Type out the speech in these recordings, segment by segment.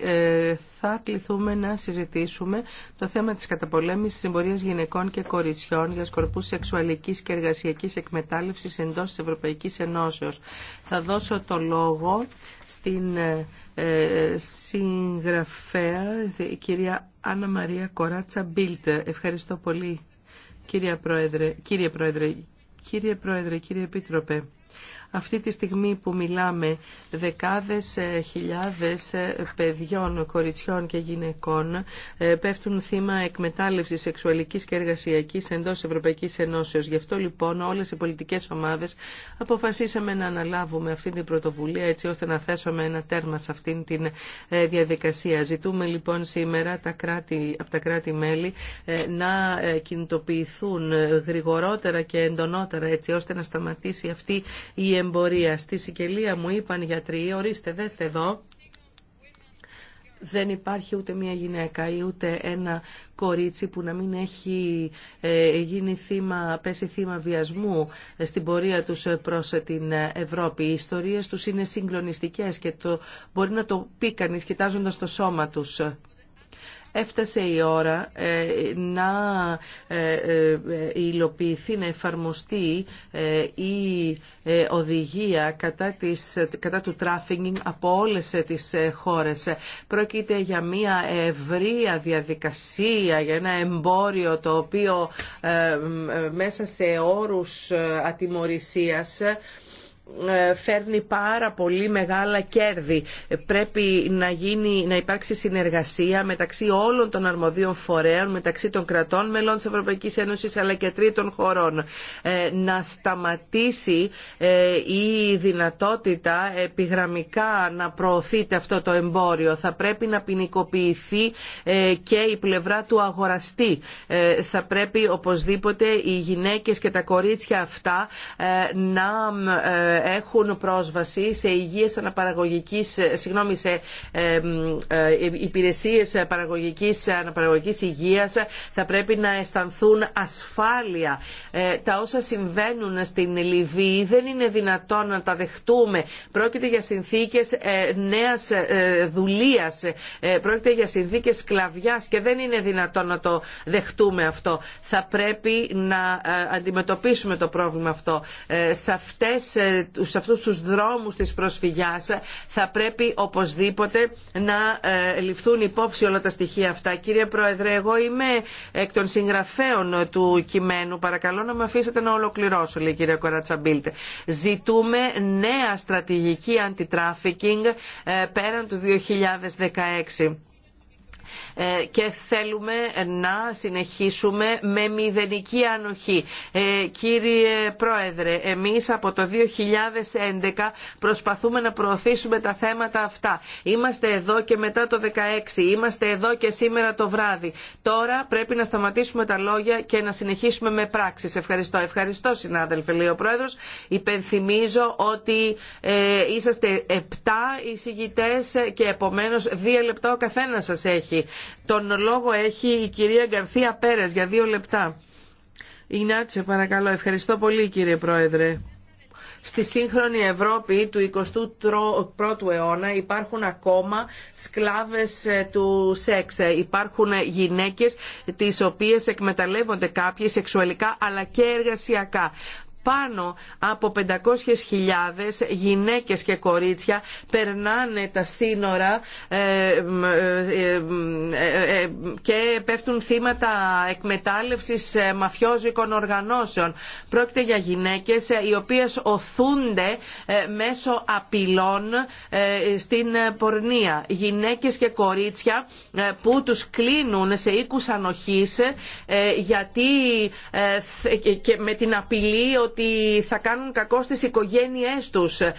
Ε, θα κληθούμε να συζητήσουμε το θέμα της καταπολέμησης συμπορίας γυναικών και κοριτσιών για σκορπούς σεξουαλικής και εργασιακής εκμετάλλευσης εντός της Ευρωπαϊκής Ενώσεως. Θα δώσω το λόγο στην ε, ε, συγγραφέα, η κυρία Άννα Μαρία Κοράτσα Μπίλτε. Ευχαριστώ πολύ, κυρία Πρόεδρε, κύριε Πρόεδρε, κύριε Πρόεδρε, κύριε Επίτροπε. Αυτή τη στιγμή που μιλάμε δεκάδες ε, χιλιάδες ε, παιδιών, κοριτσιών και γυναικών ε, πέφτουν θύμα εκμετάλλευσης σεξουαλικής και εργασιακής εντός Ευρωπαϊκής Ενώσεως. Γι' αυτό λοιπόν όλες οι πολιτικές ομάδες αποφασίσαμε να αναλάβουμε αυτή την πρωτοβουλία έτσι ώστε να θέσουμε ένα τέρμα σε αυτήν την διαδικασία. Ζητούμε λοιπόν σήμερα τα κράτη, από τα κράτη-μέλη να κινητοποιηθούν γρηγορότερα και εντονότερα έτσι ώστε να σταματήσει αυτή η εμπορία. Στη Σικελία μου είπαν γιατροί, ορίστε δέστε εδώ, δεν υπάρχει ούτε μία γυναίκα ή ούτε ένα κορίτσι που να μην έχει ε, γίνει θύμα, πέσει θύμα βιασμού ε, στην πορεία τους ε, προς την Ευρώπη. Οι ιστορίες τους είναι συγκλονιστικές και το, μπορεί να το πει κανείς κοιτάζοντας το σώμα τους. Έφτασε η ώρα ε, να ε, ε, υλοποιηθεί, να εφαρμοστεί η οδηγία κατά, της, κατά του τράφιγγινγκ από όλες τις χώρες. Πρόκειται για μια ευρεία διαδικασία, για ένα εμπόριο το οποίο μέσα σε όρους ατιμορρησίας ε, φέρνει πάρα πολύ μεγάλα κέρδη. Πρέπει να, γίνει, να υπάρξει συνεργασία μεταξύ όλων των αρμοδίων φορέων, μεταξύ των κρατών μελών της Ευρωπαϊκής Ένωσης αλλά και τρίτων χωρών. Ε, να σταματήσει ε, η δυνατότητα επιγραμμικά να προωθείται αυτό το εμπόριο. Θα πρέπει να ποινικοποιηθεί και η πλευρά του αγοραστή. Θα πρέπει οπωσδήποτε οι γυναίκες και τα κορίτσια αυτά να έχουν πρόσβαση σε υγεία αναπαραγωγική, συγγνώμη, σε ε, υπηρεσίες παραγωγικής, αναπαραγωγικής υγείας θα πρέπει να αισθανθούν ασφάλεια. Ε, τα όσα συμβαίνουν στην Λιβύη δεν είναι δυνατόν να τα δεχτούμε. Πρόκειται για συνθήκες ε, νέας δουλείας, πρόκειται για συνθήκες σκλαβιά και δεν είναι δυνατόν να το δεχτούμε αυτό. Θα πρέπει να αντιμετωπίσουμε το πρόβλημα αυτό. Σε αυτές σε αυτούς τους δρόμους της προσφυγιάς θα πρέπει οπωσδήποτε να ε, ληφθούν υπόψη όλα τα στοιχεία αυτά. Κύριε Πρόεδρε, εγώ είμαι εκ των συγγραφέων του κειμένου. Παρακαλώ να με αφήσετε να ολοκληρώσω, λέει κύριε Κορατσαμπίλτε. Ζητούμε νέα στρατηγική αντιτράφικινγκ ε, πέραν του 2016. Ε, και θέλουμε να συνεχίσουμε με μηδενική ανοχή. Ε, κύριε Πρόεδρε, εμείς από το 2011 προσπαθούμε να προωθήσουμε τα θέματα αυτά. Είμαστε εδώ και μετά το 2016, είμαστε εδώ και σήμερα το βράδυ. Τώρα πρέπει να σταματήσουμε τα λόγια και να συνεχίσουμε με πράξεις. Ευχαριστώ. Ευχαριστώ συνάδελφε, λέει ο Πρόεδρος. Υπενθυμίζω ότι ε, είσαστε 7 εισηγητές και επομένως δύο λεπτά ο καθένας σας έχει τον λόγο έχει η κυρία Γκαρθία Πέρες για δύο λεπτά. Ινάτσε, παρακαλώ. Ευχαριστώ πολύ κύριε Πρόεδρε. Στη σύγχρονη Ευρώπη του 21ου αιώνα υπάρχουν ακόμα σκλάβες ε, του σεξ. Υπάρχουν γυναίκες τις οποίες εκμεταλλεύονται κάποιοι σεξουαλικά αλλά και εργασιακά πάνω από 500.000 γυναίκες και κορίτσια περνάνε τα σύνορα ε, ε, ε, και πέφτουν θύματα εκμετάλλευσης μαφιόζικων οργανώσεων. Πρόκειται για γυναίκες οι οποίες οθούνται μέσω απειλών στην πορνεία. Γυναίκες και κορίτσια που τους κλείνουν σε οίκους ανοχής γιατί και με την απειλή ότι θα κάνουν κακό στις οικογένειές τους. Ε,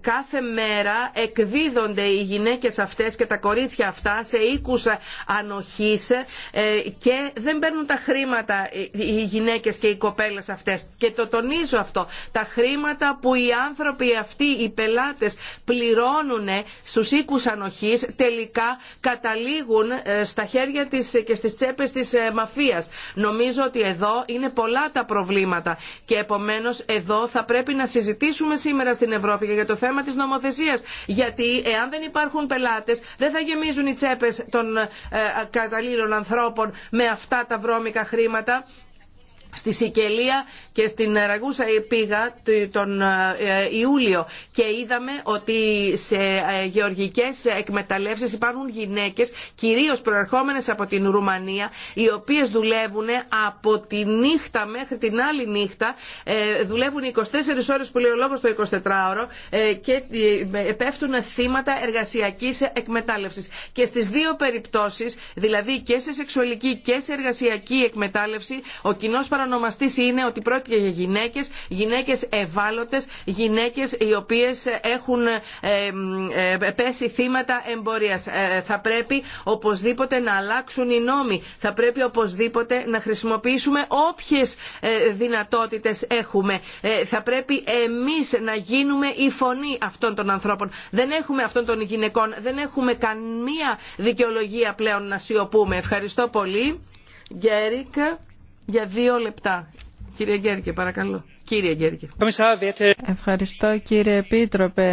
κάθε μέρα εκδίδονται οι γυναίκες αυτές και τα κορίτσια αυτά σε οίκους ανοχής ε, και δεν παίρνουν τα χρήματα οι γυναίκες και οι κοπέλες αυτές. Και το τονίζω αυτό. Τα χρήματα που οι άνθρωποι αυτοί, οι πελάτες πληρώνουν στους οίκους ανοχής τελικά καταλήγουν ε, στα χέρια της και στις τσέπες της μαφίας. Νομίζω ότι εδώ είναι πολλά τα προβλήματα και επομένως εδώ θα πρέπει να συζητήσουμε σήμερα στην Ευρώπη για το θέμα της νομοθεσίας. Γιατί εάν δεν υπάρχουν πελάτες δεν θα γεμίζουν οι τσέπες των ε, ε καταλήλων ανθρώπων με αυτά τα βρώμικα χρήματα στη Σικελία και στην Ραγούσα πήγα τον ε, Ιούλιο και είδαμε ότι σε ε, γεωργικές εκμεταλλεύσεις υπάρχουν γυναίκες κυρίως προερχόμενες από την Ρουμανία οι οποίες δουλεύουν από τη νύχτα μέχρι την άλλη νύχτα ε, δουλεύουν 24 ώρες που λέει ο λόγος το 24ωρο και πέφτουν θύματα εργασιακής εκμετάλλευσης και στις δύο περιπτώσεις δηλαδή και σε σεξουαλική και σε εργασιακή εκμετάλλευση ο κοινός είναι ότι πρόκειται για γυναίκες, γυναίκες ευάλωτες, γυναίκες οι οποίες έχουν ε, ε, πέσει θύματα εμπορίας. Ε, θα πρέπει οπωσδήποτε να αλλάξουν οι νόμοι. Θα πρέπει οπωσδήποτε να χρησιμοποιήσουμε όποιες δυνατότητες έχουμε. Θα πρέπει εμείς να γίνουμε η φωνή αυτών των ανθρώπων. Δεν έχουμε αυτών των γυναικών, δεν έχουμε καμία δικαιολογία πλέον να σιωπούμε. Ευχαριστώ πολύ. Γκέρικ για δύο λεπτά. Κύριε Γκέρκε, παρακαλώ. Κύριε Γκέρκε. Ευχαριστώ κύριε Επίτροπε,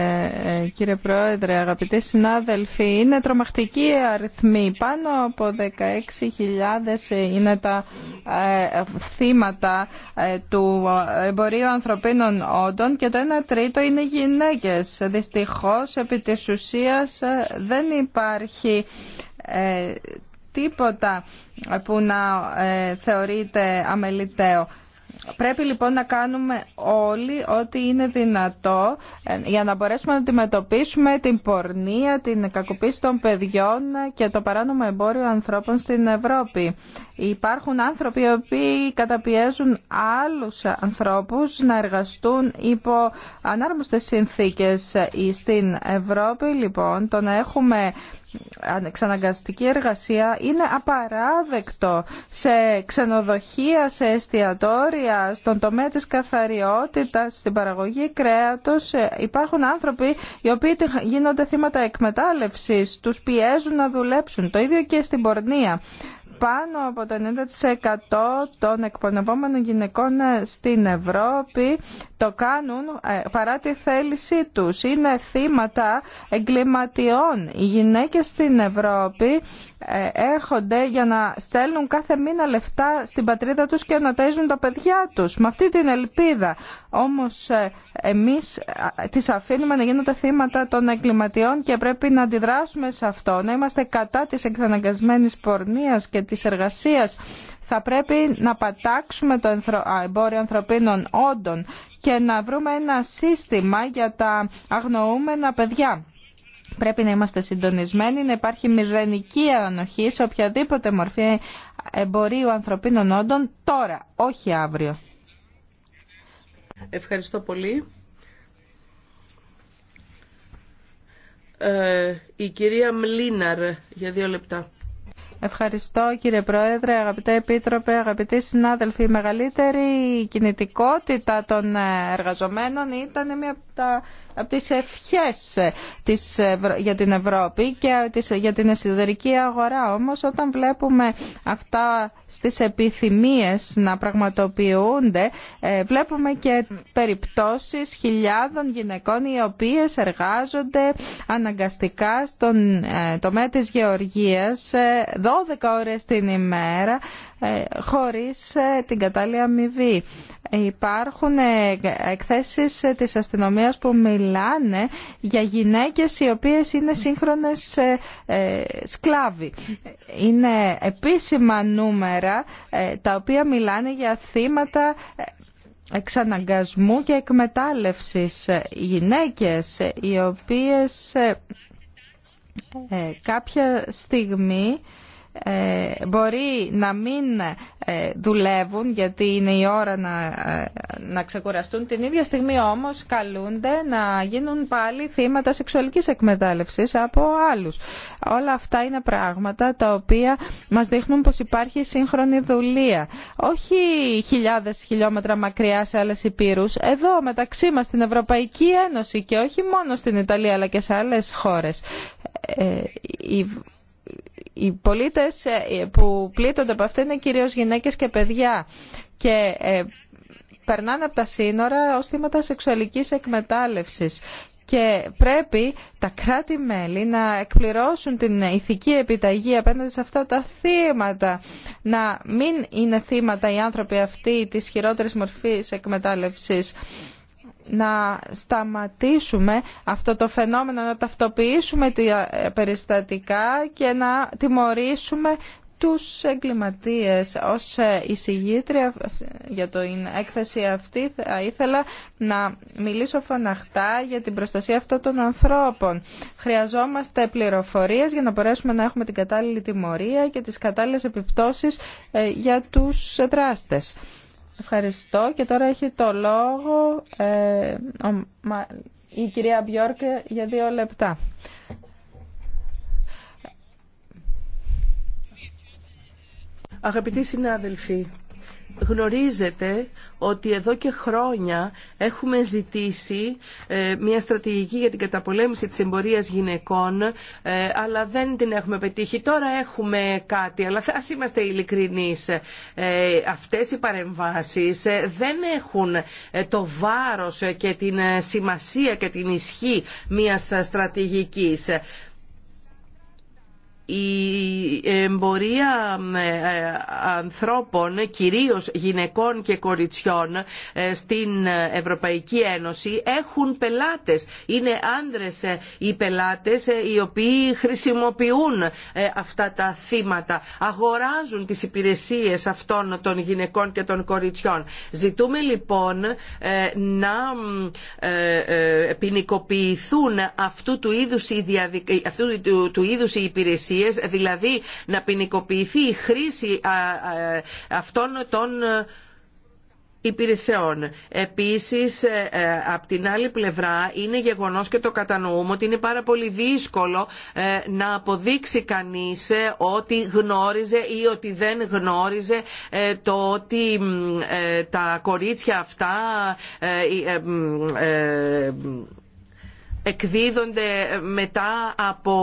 ε, κύριε Πρόεδρε, αγαπητοί συνάδελφοι. Είναι τρομακτική αριθμή. Πάνω από 16.000 είναι τα ε, θύματα ε, του εμπορίου ανθρωπίνων όντων και το 1 τρίτο είναι γυναίκες. Δυστυχώς, επί της ουσίας, δεν υπάρχει τίποτα που να ε, θεωρείται αμεληταίο. Πρέπει λοιπόν να κάνουμε όλοι ό,τι είναι δυνατό ε, για να μπορέσουμε να αντιμετωπίσουμε την πορνεία, την κακοποίηση των παιδιών και το παράνομο εμπόριο ανθρώπων στην Ευρώπη. Υπάρχουν άνθρωποι οι οποίοι καταπιέζουν άλλους ανθρώπους να εργαστούν υπό ανάρμοστες συνθήκες ε, στην Ευρώπη. Λοιπόν, το να έχουμε εξαναγκαστική εργασία είναι απαράδεκτο σε ξενοδοχεία, σε εστιατόρια, στον τομέα της καθαριότητας, στην παραγωγή κρέατος. Ε, υπάρχουν άνθρωποι οι οποίοι γίνονται θύματα εκμετάλλευσης, τους πιέζουν να δουλέψουν. Το ίδιο και στην πορνεία πάνω από το 90% των εκπονευόμενων γυναικών ε, στην Ευρώπη το κάνουν ε, παρά τη θέλησή τους. Είναι θύματα εγκληματιών. Οι γυναίκες στην Ευρώπη ε, έρχονται για να στέλνουν κάθε μήνα λεφτά στην πατρίδα τους και να ταΐζουν τα παιδιά τους με αυτή την ελπίδα. Όμως ε, εμείς ε, τις αφήνουμε να γίνονται θύματα των εγκληματιών και πρέπει να αντιδράσουμε σε αυτό, να είμαστε κατά της εξαναγκασμένης πορνείας και της εργασίας. Θα πρέπει να πατάξουμε το εμπόριο ανθρωπίνων όντων και να βρούμε ένα σύστημα για τα αγνοούμενα παιδιά. Πρέπει να είμαστε συντονισμένοι, να υπάρχει μηδενική ανοχή σε οποιαδήποτε μορφή εμπορίου ανθρωπίνων όντων τώρα, όχι αύριο. Ευχαριστώ πολύ. Ε, η κυρία Μλίναρ για δύο λεπτά. Ευχαριστώ κύριε Πρόεδρε, αγαπητέ Επίτροπε, αγαπητοί συνάδελφοι. Η μεγαλύτερη κινητικότητα των εργαζομένων ήταν μια τα, από τις ευχές της, για την Ευρώπη και της, για την εσωτερική αγορά. Όμως όταν βλέπουμε αυτά στις επιθυμίες να πραγματοποιούνται, ε, βλέπουμε και περιπτώσεις χιλιάδων γυναικών οι οποίες εργάζονται αναγκαστικά στον ε, τομέα της γεωργίας 12 ε, ώρες την ημέρα ε, χωρίς ε, την κατάλληλη αμοιβή. Υπάρχουν ε, εκθέσεις της αστυνομίας που μιλάνε για γυναίκες οι οποίες είναι σύγχρονες σκλάβοι. Είναι επίσημα νούμερα τα οποία μιλάνε για θύματα εξαναγκασμού και εκμετάλλευσης γυναίκες οι οποίες κάποια στιγμή ε, μπορεί να μην ε, δουλεύουν γιατί είναι η ώρα να, ε, να ξεκουραστούν. Την ίδια στιγμή όμως καλούνται να γίνουν πάλι θύματα σεξουαλικής εκμετάλλευσης από άλλους. Όλα αυτά είναι πράγματα τα οποία μας δείχνουν πως υπάρχει σύγχρονη δουλεία. Όχι χιλιάδες χιλιόμετρα μακριά σε άλλες υπήρους, εδώ μεταξύ μας στην Ευρωπαϊκή Ένωση και όχι μόνο στην Ιταλία αλλά και σε άλλες χώρες οι πολίτες ε, που πλήττονται από αυτό είναι κυρίως γυναίκες και παιδιά και ε, περνάνε από τα σύνορα ως θύματα σεξουαλικής εκμετάλλευσης και πρέπει τα κράτη-μέλη να εκπληρώσουν την ηθική επιταγή απέναντι σε αυτά τα θύματα. Να μην είναι θύματα οι άνθρωποι αυτοί της χειρότερης μορφής εκμετάλλευσης να σταματήσουμε αυτό το φαινόμενο, να ταυτοποιήσουμε τα ε, περιστατικά και να τιμωρήσουμε τους εγκληματίες. Ως ε, εισηγήτρια για την έκθεση αυτή θα ήθελα να μιλήσω φωναχτά για την προστασία αυτών των ανθρώπων. Χρειαζόμαστε πληροφορίες για να μπορέσουμε να έχουμε την κατάλληλη τιμωρία και τις κατάλληλες επιπτώσεις ε, για τους δράστες. Ευχαριστώ και τώρα έχει το λόγο ε, η κυρία Μπιόρκ για δύο λεπτά. Αγαπητοί συνάδελφοι, γνωρίζετε ότι εδώ και χρόνια έχουμε ζητήσει ε, μια στρατηγική για την καταπολέμηση της εμπορίας γυναικών ε, αλλά δεν την έχουμε πετύχει. Τώρα έχουμε κάτι, αλλά ας είμαστε ειλικρινείς. Ε, αυτές οι παρεμβάσεις δεν έχουν το βάρος και την σημασία και την ισχύ μιας στρατηγικής η εμπορία ε, ανθρώπων, κυρίως γυναικών και κοριτσιών ε, στην Ευρωπαϊκή Ένωση έχουν πελάτες. Είναι άνδρες ε, οι πελάτες οι οποίοι χρησιμοποιούν αυτά τα θύματα, αγοράζουν τις υπηρεσίες αυτών των γυναικών και των κοριτσιών. Ζητούμε λοιπόν να ποινικοποιηθούν αυτού του είδους οι υπηρεσίες δηλαδή να ποινικοποιηθεί η χρήση αυτών των υπηρεσιών. Επίσης, ε, ε, από την άλλη πλευρά, είναι γεγονός και το κατανοούμε ότι είναι πάρα πολύ δύσκολο ε, να αποδείξει κανείς ότι γνώριζε ή ότι δεν γνώριζε το ότι τα κορίτσια αυτά εκδίδονται μετά από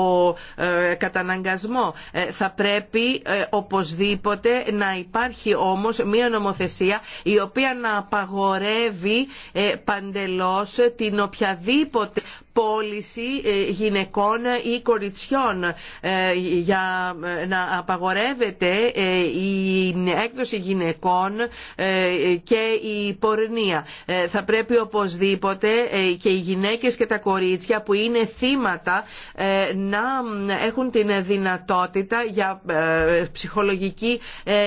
ε, καταναγκασμό. Ε, θα πρέπει ε, οπωσδήποτε να υπάρχει όμως μία νομοθεσία η οποία να απαγορεύει παντελώς την οποιαδήποτε πώληση ε, γυναικών ή κοριτσιών ε, για ε, να απαγορεύεται η έκδοση γυναικών και η πορνεία. Θα πρέπει οπωσδήποτε και οι γυναίκες και τα κορίτσια που είναι θύματα να έχουν την δυνατότητα για ψυχολογική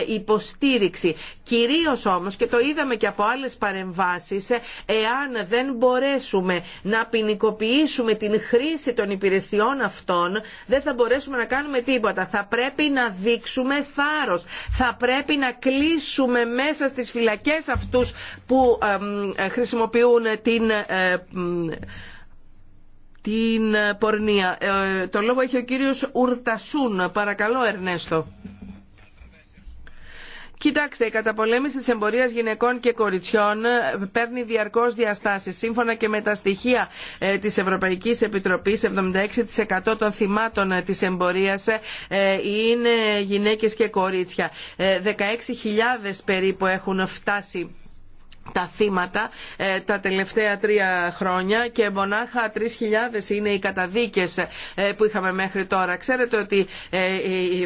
υποστήριξη. Κυρίως όμως και το είδαμε και από άλλες παρεμβάσεις εάν δεν μπορέσουμε να ποινικοποιήσουμε την χρήση των υπηρεσιών αυτών δεν θα μπορέσουμε να κάνουμε τίποτα. Θα πρέπει να δείξουμε θάρρος. Θα πρέπει να κλείσουμε μέσα στις φυλακές αυτούς που ε, χρησιμοποιούν την ε, την πορνεία. Ε, το λόγο έχει ο κύριος Ουρτασούν. Παρακαλώ, Ερνέστο. Κοιτάξτε, η καταπολέμηση της εμπορίας γυναικών και κοριτσιών ε, παίρνει διαρκώς διαστάσεις. Σύμφωνα και με τα στοιχεία ε, της Ευρωπαϊκής Επιτροπής, 76% των θυμάτων ε, της εμπορίας είναι γυναίκες και κορίτσια. 16.000 περίπου έχουν φτάσει τα θύματα ε, τα τελευταία τρία χρόνια και μονάχα 3.000 είναι οι καταδίκες ε, που είχαμε μέχρι τώρα. Ξέρετε ότι ε,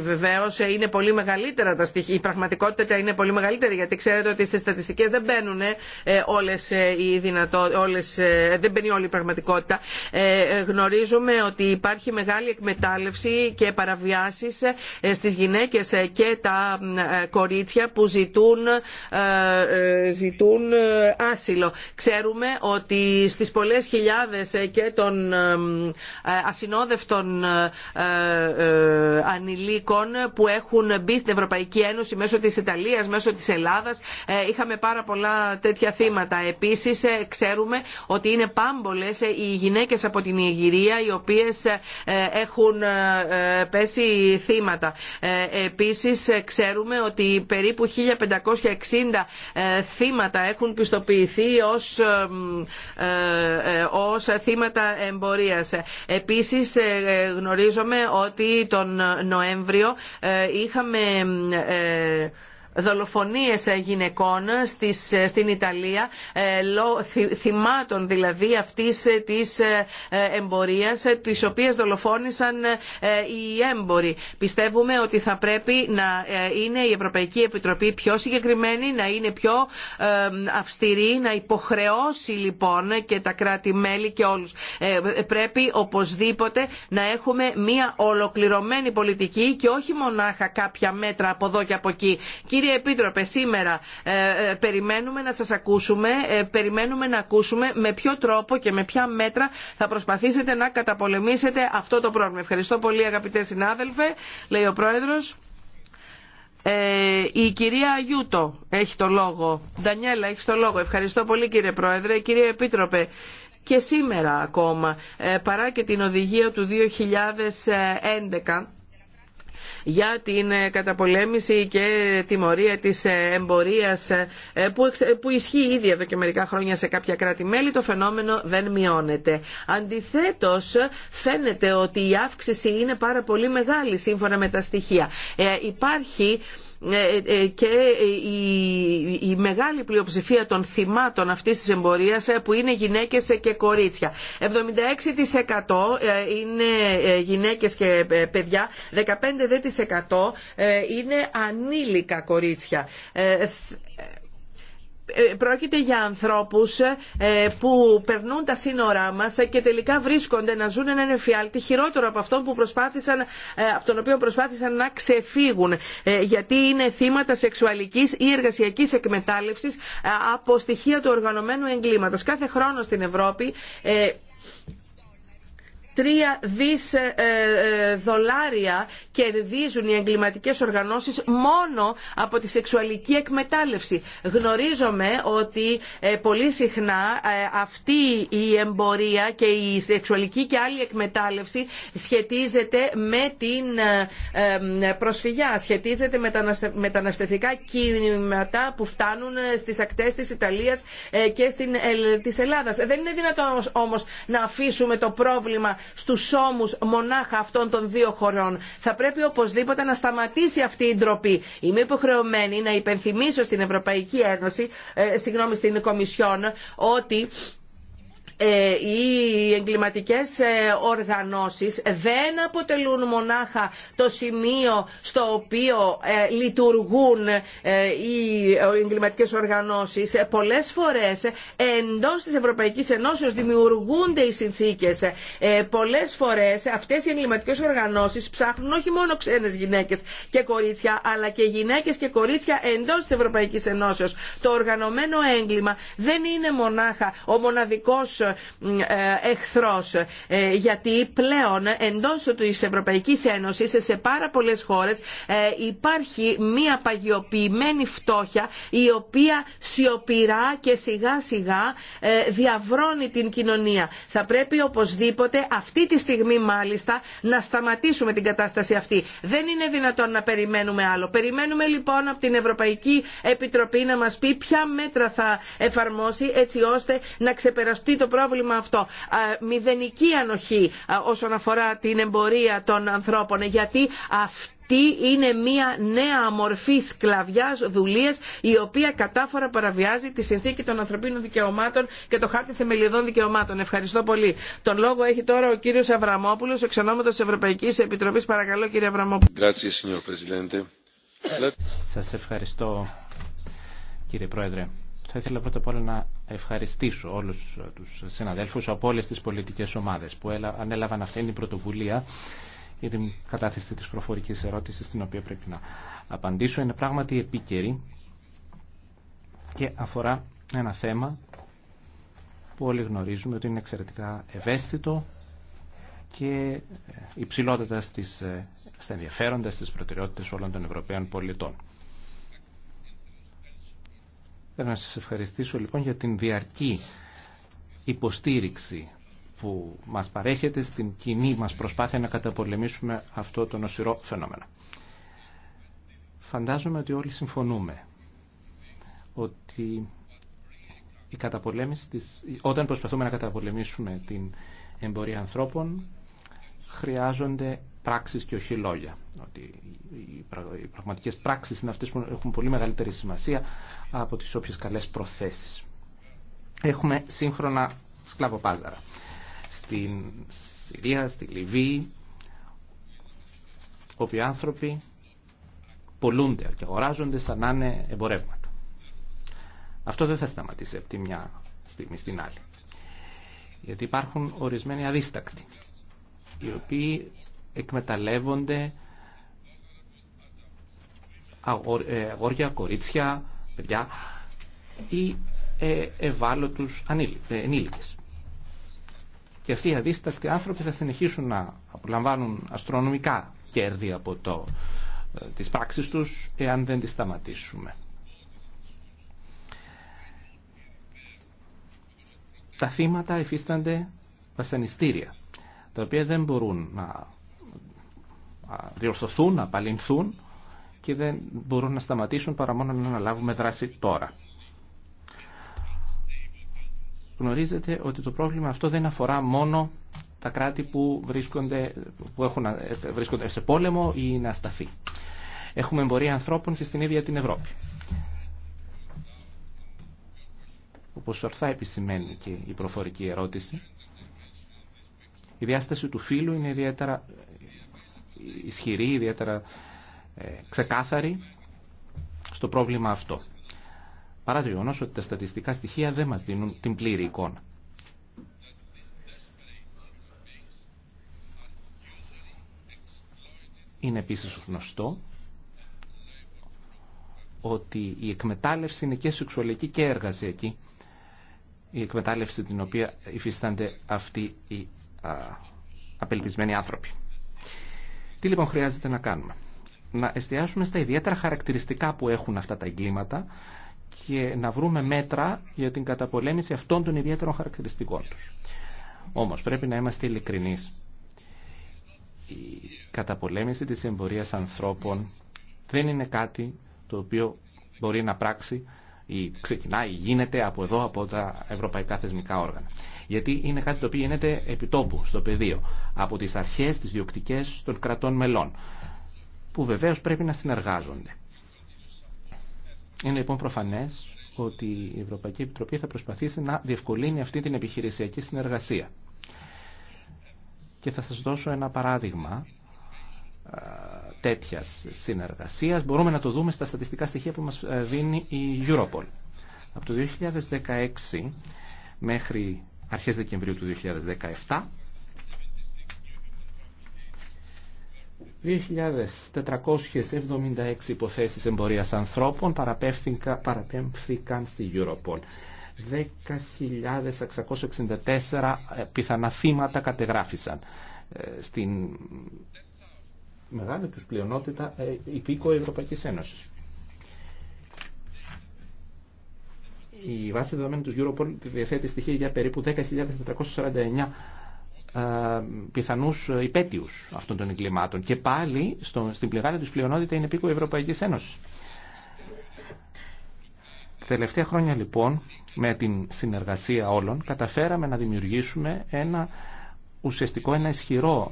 βεβαίω είναι πολύ μεγαλύτερα τα στοιχεία, η πραγματικότητα είναι πολύ μεγαλύτερη γιατί ξέρετε ότι στις στατιστικές δεν μπαίνουν όλες οι δυνατότητες δεν μπαίνει όλη η πραγματικότητα. Γνωρίζουμε ότι υπάρχει μεγάλη εκμετάλλευση και παραβιάσεις στις γυναίκες και τα κορίτσια που ζητούν, ζητούν ε, άσυλο. Ξέρουμε ότι στις πολλές χιλιάδες ε, και των ε, ασυνόδευτων ανηλίκων που έχουν μπει στην Ευρωπαϊκή Ένωση μέσω της Ιταλίας, μέσω της Ελλάδας, είχαμε πάρα πολλά τέτοια θύματα. Επίσης ξέρουμε ότι είναι πάμπολες οι γυναίκες από την Ιγυρία οι οποίες έχουν πέσει θύματα. Επίσης ξέρουμε ότι περίπου 1560 θύματα έχουν πιστοποιηθεί ως, ε, ε, ως θύματα εμπορίας. Επίσης ε, γνωρίζομαι ότι τον Νοέμβριο είχαμε δολοφονίες ε, γυναικών ε, στην Ιταλία ε, θυμάτων δηλαδή αυτής της εμπορίας τις οποίες δολοφόνησαν οι έμποροι. Πιστεύουμε ότι θα πρέπει να είναι η Ευρωπαϊκή Επιτροπή πιο συγκεκριμένη, να είναι πιο αυστηρή, να υποχρεώσει λοιπόν και τα κράτη-μέλη και όλους. Πρέπει οπωσδήποτε να έχουμε μία ολοκληρωμένη πολιτική και όχι μονάχα κάποια μέτρα από εδώ και από εκεί. Κύριε Επίτροπε, σήμερα ε, ε, περιμένουμε να σας ακούσουμε, ε, περιμένουμε να ακούσουμε με ποιο τρόπο και με ποια μέτρα θα προσπαθήσετε να καταπολεμήσετε αυτό το πρόβλημα. Ευχαριστώ πολύ αγαπητέ συνάδελφε, λέει ο Πρόεδρος. Ε, η κυρία Αγιούτο έχει το λόγο. Ντανιέλα, έχει το λόγο. Ευχαριστώ πολύ κύριε Πρόεδρε. Κύριε Επίτροπε, και σήμερα ακόμα, παρά και την οδηγία του 2011, για την ε, καταπολέμηση και τιμωρία της ε, εμπορίας ε, που ισχύει ήδη εδώ και μερικά χρόνια σε κάποια κράτη-μέλη, το φαινόμενο δεν μειώνεται. Αντιθέτως, φαίνεται ότι η αύξηση είναι πάρα πολύ μεγάλη σύμφωνα με τα στοιχεία. υπάρχει ε, ε, ε, και η μεγάλη πλειοψηφία των θυμάτων αυτής της εμπορίας που είναι γυναίκες και κορίτσια. 76% είναι γυναίκες και παιδιά, 15% είναι ανήλικα κορίτσια ε, πρόκειται για ανθρώπους ε, που περνούν τα σύνορά μας και τελικά βρίσκονται να ζουν έναν εφιάλτη χειρότερο από αυτό που προσπάθησαν, ε, από τον οποίο προσπάθησαν να ξεφύγουν γιατί είναι θύματα σεξουαλικής ή εργασιακής εκμετάλλευσης από στοιχεία του οργανωμένου εγκλήματος. Κάθε χρόνο στην Ευρώπη Τρία δις ε, ε, δολάρια κερδίζουν οι εγκληματικές οργανώσεις μόνο από τη σεξουαλική εκμετάλλευση. Γνωρίζομαι ότι ε, πολύ συχνά αυτή η εμπορία και η σεξουαλική και άλλη εκμετάλλευση σχετίζεται με την προσφυγιά, σχετίζεται με τα μεταναστευτικά κίνηματα που φτάνουν στις ακτές της Ιταλίας και της Ελλάδας. Δεν είναι δυνατόν όμως να αφήσουμε το πρόβλημα στους ώμους μονάχα αυτών των δύο χωρών. Θα πρέπει οπωσδήποτε να σταματήσει αυτή η ντροπή. Είμαι υποχρεωμένη να υπενθυμίσω στην Ευρωπαϊκή Ένωση, ε, συγγνώμη στην Κομισιόν, ότι ε, οι εγκληματικές ε, οργανώσεις δεν αποτελούν μονάχα το σημείο στο οποίο ε, λειτουργούν οι εγκληματικές οργανώσεις. Πολλές φορές εντός της Ευρωπαϊκής Ενώσεως δημιουργούνται οι συνθήκες. Πολλές φορές αυτές οι εγκληματικές οργανώσεις ψάχνουν όχι μόνο ξένες γυναίκες και κορίτσια αλλά και γυναίκες και κορίτσια εντός της Ευρωπαϊκής Ενώσεως. Το οργανωμένο έγκλημα δεν είναι μονάχα ο μοναδικός ε, Εχθρό. Ε, γιατί πλέον εντός της Ευρωπαϊκής Ένωσης σε πάρα πολλέ χώρες ε, υπάρχει μια παγιοποιημένη φτώχεια η οποία σιωπηρά και σιγά σιγά διαβρώνει την κοινωνία. Θα πρέπει οπωσδήποτε αυτή τη στιγμή μάλιστα να σταματήσουμε την κατάσταση αυτή. Δεν είναι δυνατόν να περιμένουμε άλλο. Περιμένουμε λοιπόν από την Ευρωπαϊκή Επιτροπή να μα πει ποια μέτρα θα εφαρμόσει έτσι ώστε να ξεπεραστεί το πρόβλημα πρόβλημα αυτό. Μηδενική ανοχή όσον αφορά την εμπορία των ανθρώπων γιατί αυτή είναι μια νέα μορφή σκλαβιάς, δουλείας, η οποία κατάφορα παραβιάζει τη συνθήκη των ανθρωπίνων δικαιωμάτων και το χάρτη θεμελιωδών δικαιωμάτων. Ευχαριστώ πολύ. Τον λόγο έχει τώρα ο κύριος Αβραμόπουλος, εξ της Ευρωπαϊκής Επιτροπής. Παρακαλώ κύριε Αβραμόπουλο. Σας ευχαριστώ κύριε Πρόεδρε. Θα ήθελα πρώτα απ' να ευχαριστήσω όλους τους συναδέλφους από όλες τις πολιτικές ομάδες που ανέλαβαν αυτήν την πρωτοβουλία για την κατάθεση της προφορικής ερώτησης στην οποία πρέπει να απαντήσω. Είναι πράγματι επίκαιρη και αφορά ένα θέμα που όλοι γνωρίζουμε ότι είναι εξαιρετικά ευαίσθητο και υψηλότητα στις, στα ενδιαφέροντα στις προτεραιότητες όλων των Ευρωπαίων πολιτών. Θέλω να σας ευχαριστήσω λοιπόν για την διαρκή υποστήριξη που μας παρέχεται στην κοινή μας προσπάθεια να καταπολεμήσουμε αυτό το νοσηρό φαινόμενο. Φαντάζομαι ότι όλοι συμφωνούμε ότι η καταπολέμηση της, όταν προσπαθούμε να καταπολεμήσουμε την εμπορία ανθρώπων χρειάζονται πράξεις και όχι λόγια. Ότι οι πραγματικές πράξεις είναι αυτές που έχουν πολύ μεγαλύτερη σημασία από τις όποιες καλές προθέσεις. Έχουμε σύγχρονα σκλαβοπάζαρα. Στην Συρία, στη Λιβύη, οποιοι άνθρωποι πολλούνται και αγοράζονται σαν να είναι εμπορεύματα. Αυτό δεν θα σταματήσει από τη μια στιγμή στην άλλη. Γιατί υπάρχουν ορισμένοι αδίστακτοι, οι οποίοι εκμεταλλεύονται ε, αγόρια, κορίτσια, παιδιά ή ε, ευάλωτους ε, ενήλικες. Και αυτοί οι αδίστακτοι άνθρωποι θα συνεχίσουν να απολαμβάνουν αστρονομικά κέρδη από το, τις πράξεις τους εάν δεν τις σταματήσουμε. Τα θύματα υφίστανται βασανιστήρια, τα οποία δεν μπορούν να διορθωθούν, απαλυνθούν και δεν μπορούν να σταματήσουν παρά μόνο να αναλάβουμε δράση τώρα. Γνωρίζετε ότι το πρόβλημα αυτό δεν αφορά μόνο τα κράτη που, βρίσκονται, που έχουν, βρίσκονται σε πόλεμο ή είναι ασταθή. Έχουμε εμπορία ανθρώπων και στην ίδια την Ευρώπη. Όπως ορθά επισημαίνει και η προφορική ερώτηση, η διάσταση του φύλου είναι ιδιαίτερα ισχυρή, ιδιαίτερα ε, ξεκάθαρη στο πρόβλημα αυτό. Παρά το γεγονό ότι τα στατιστικά στοιχεία δεν μας δίνουν την πλήρη εικόνα. Είναι επίσης γνωστό ότι η εκμετάλλευση είναι και σεξουαλική και εργασιακή. Η εκμετάλλευση την οποία υφίστανται αυτοί οι απελπισμένοι άνθρωποι. Τι λοιπόν χρειάζεται να κάνουμε. Να εστιάσουμε στα ιδιαίτερα χαρακτηριστικά που έχουν αυτά τα εγκλήματα και να βρούμε μέτρα για την καταπολέμηση αυτών των ιδιαίτερων χαρακτηριστικών τους. Όμως πρέπει να είμαστε ειλικρινεί. Η καταπολέμηση της εμπορίας ανθρώπων δεν είναι κάτι το οποίο μπορεί να πράξει ή ξεκινάει, γίνεται από εδώ, από τα ευρωπαϊκά θεσμικά όργανα. Γιατί είναι κάτι το οποίο γίνεται επιτόπου, στο πεδίο, από τις αρχές, τις διοκτικές των κρατών μελών, που βεβαίως πρέπει να συνεργάζονται. Είναι λοιπόν προφανές ότι η Ευρωπαϊκή Επιτροπή επιτοπου στο πεδιο απο τις αρχες τι διοκτικε των κρατων μελων που βεβαίω πρεπει να διευκολύνει αυτή την επιχειρησιακή συνεργασία. Και θα σας δώσω ένα παράδειγμα τέτοια συνεργασία μπορούμε να το δούμε στα στατιστικά στοιχεία που μας ε, δίνει η Europol. Από το 2016 μέχρι αρχές Δεκεμβρίου του 2017 2.476 υποθέσεις εμπορίας ανθρώπων παραπέμφθηκαν στη Europol. 10.664 ε, πιθανά θύματα κατεγράφησαν. Ε, στην μεγάλη τους πλειονότητα ε, υπήκο Ευρωπαϊκής Ένωσης. Η βάση δεδομένων του Europol διαθέτει στοιχεία για περίπου 10.449 πιθανού υπέτειου αυτών των εγκλημάτων και πάλι στο, στην πλεγάλη του πλειονότητα είναι επίκοη Ευρωπαϊκής Ένωση. τελευταία χρόνια λοιπόν με την συνεργασία όλων καταφέραμε να δημιουργήσουμε ένα ουσιαστικό, ένα ισχυρό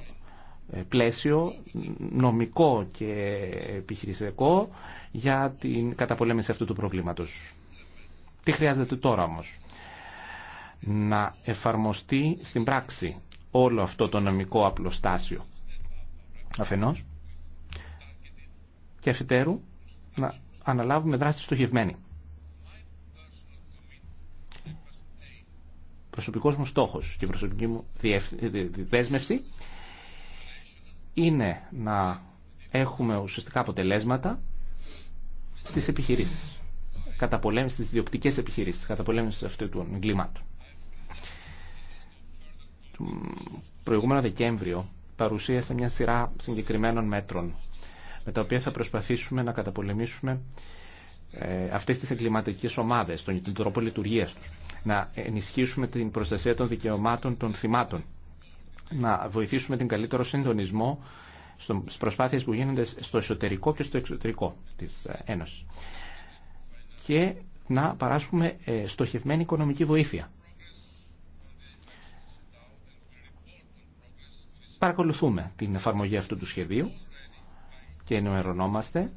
πλαίσιο νομικό και επιχειρησιακό για την καταπολέμηση αυτού του προβλήματος. Τι χρειάζεται τώρα όμως. Να εφαρμοστεί στην πράξη όλο αυτό το νομικό απλοστάσιο. Αφενός και αφετέρου να αναλάβουμε δράση στοχευμένη. Προσωπικός μου στόχος και προσωπική μου δέσμευση είναι να έχουμε ουσιαστικά αποτελέσματα στις επιχειρήσεις. Καταπολέμηση στις διοπτικές επιχειρήσεις, καταπολέμηση αυτού του Το Προηγούμενο Δεκέμβριο παρουσίασε μια σειρά συγκεκριμένων μέτρων με τα οποία θα προσπαθήσουμε να καταπολεμήσουμε ε, αυτές τις εγκληματικές ομάδες, τον τρόπο λειτουργίας τους, να ενισχύσουμε την προστασία των δικαιωμάτων των θυμάτων να βοηθήσουμε την καλύτερο συντονισμό στις προσπάθειες που γίνονται στο εσωτερικό και στο εξωτερικό της ε, Ένωσης. Και να παράσχουμε ε, στοχευμένη οικονομική βοήθεια. Παρακολουθούμε την εφαρμογή αυτού του σχεδίου και ενημερωνόμαστε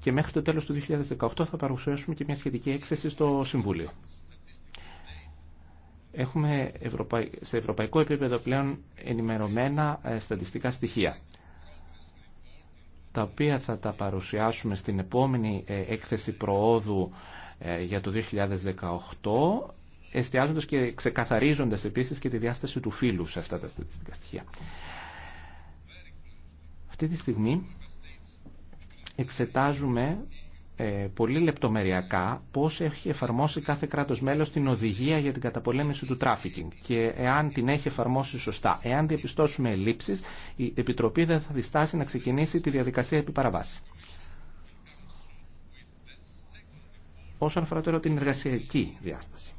και μέχρι το τέλος του 2018 θα παρουσιάσουμε και μια σχετική έκθεση στο Συμβούλιο έχουμε σε ευρωπαϊκό επίπεδο πλέον ενημερωμένα ε, στατιστικά στοιχεία τα οποία θα τα παρουσιάσουμε στην επόμενη ε, έκθεση προόδου ε, για το 2018 εστιάζοντας και ξεκαθαρίζοντας επίσης και τη διάσταση του φύλου σε αυτά τα στατιστικά στοιχεία. Αυτή τη στιγμή εξετάζουμε ε, πολύ λεπτομεριακά πώς έχει εφαρμόσει κάθε κράτος μέλος την οδηγία για την καταπολέμηση του τράφικινγκ και εάν την έχει εφαρμόσει σωστά. Εάν διαπιστώσουμε ελλείψεις, η Επιτροπή δεν θα διστάσει να ξεκινήσει τη διαδικασία επί παραβάση. Όσον αφορά τώρα την εργασιακή διάσταση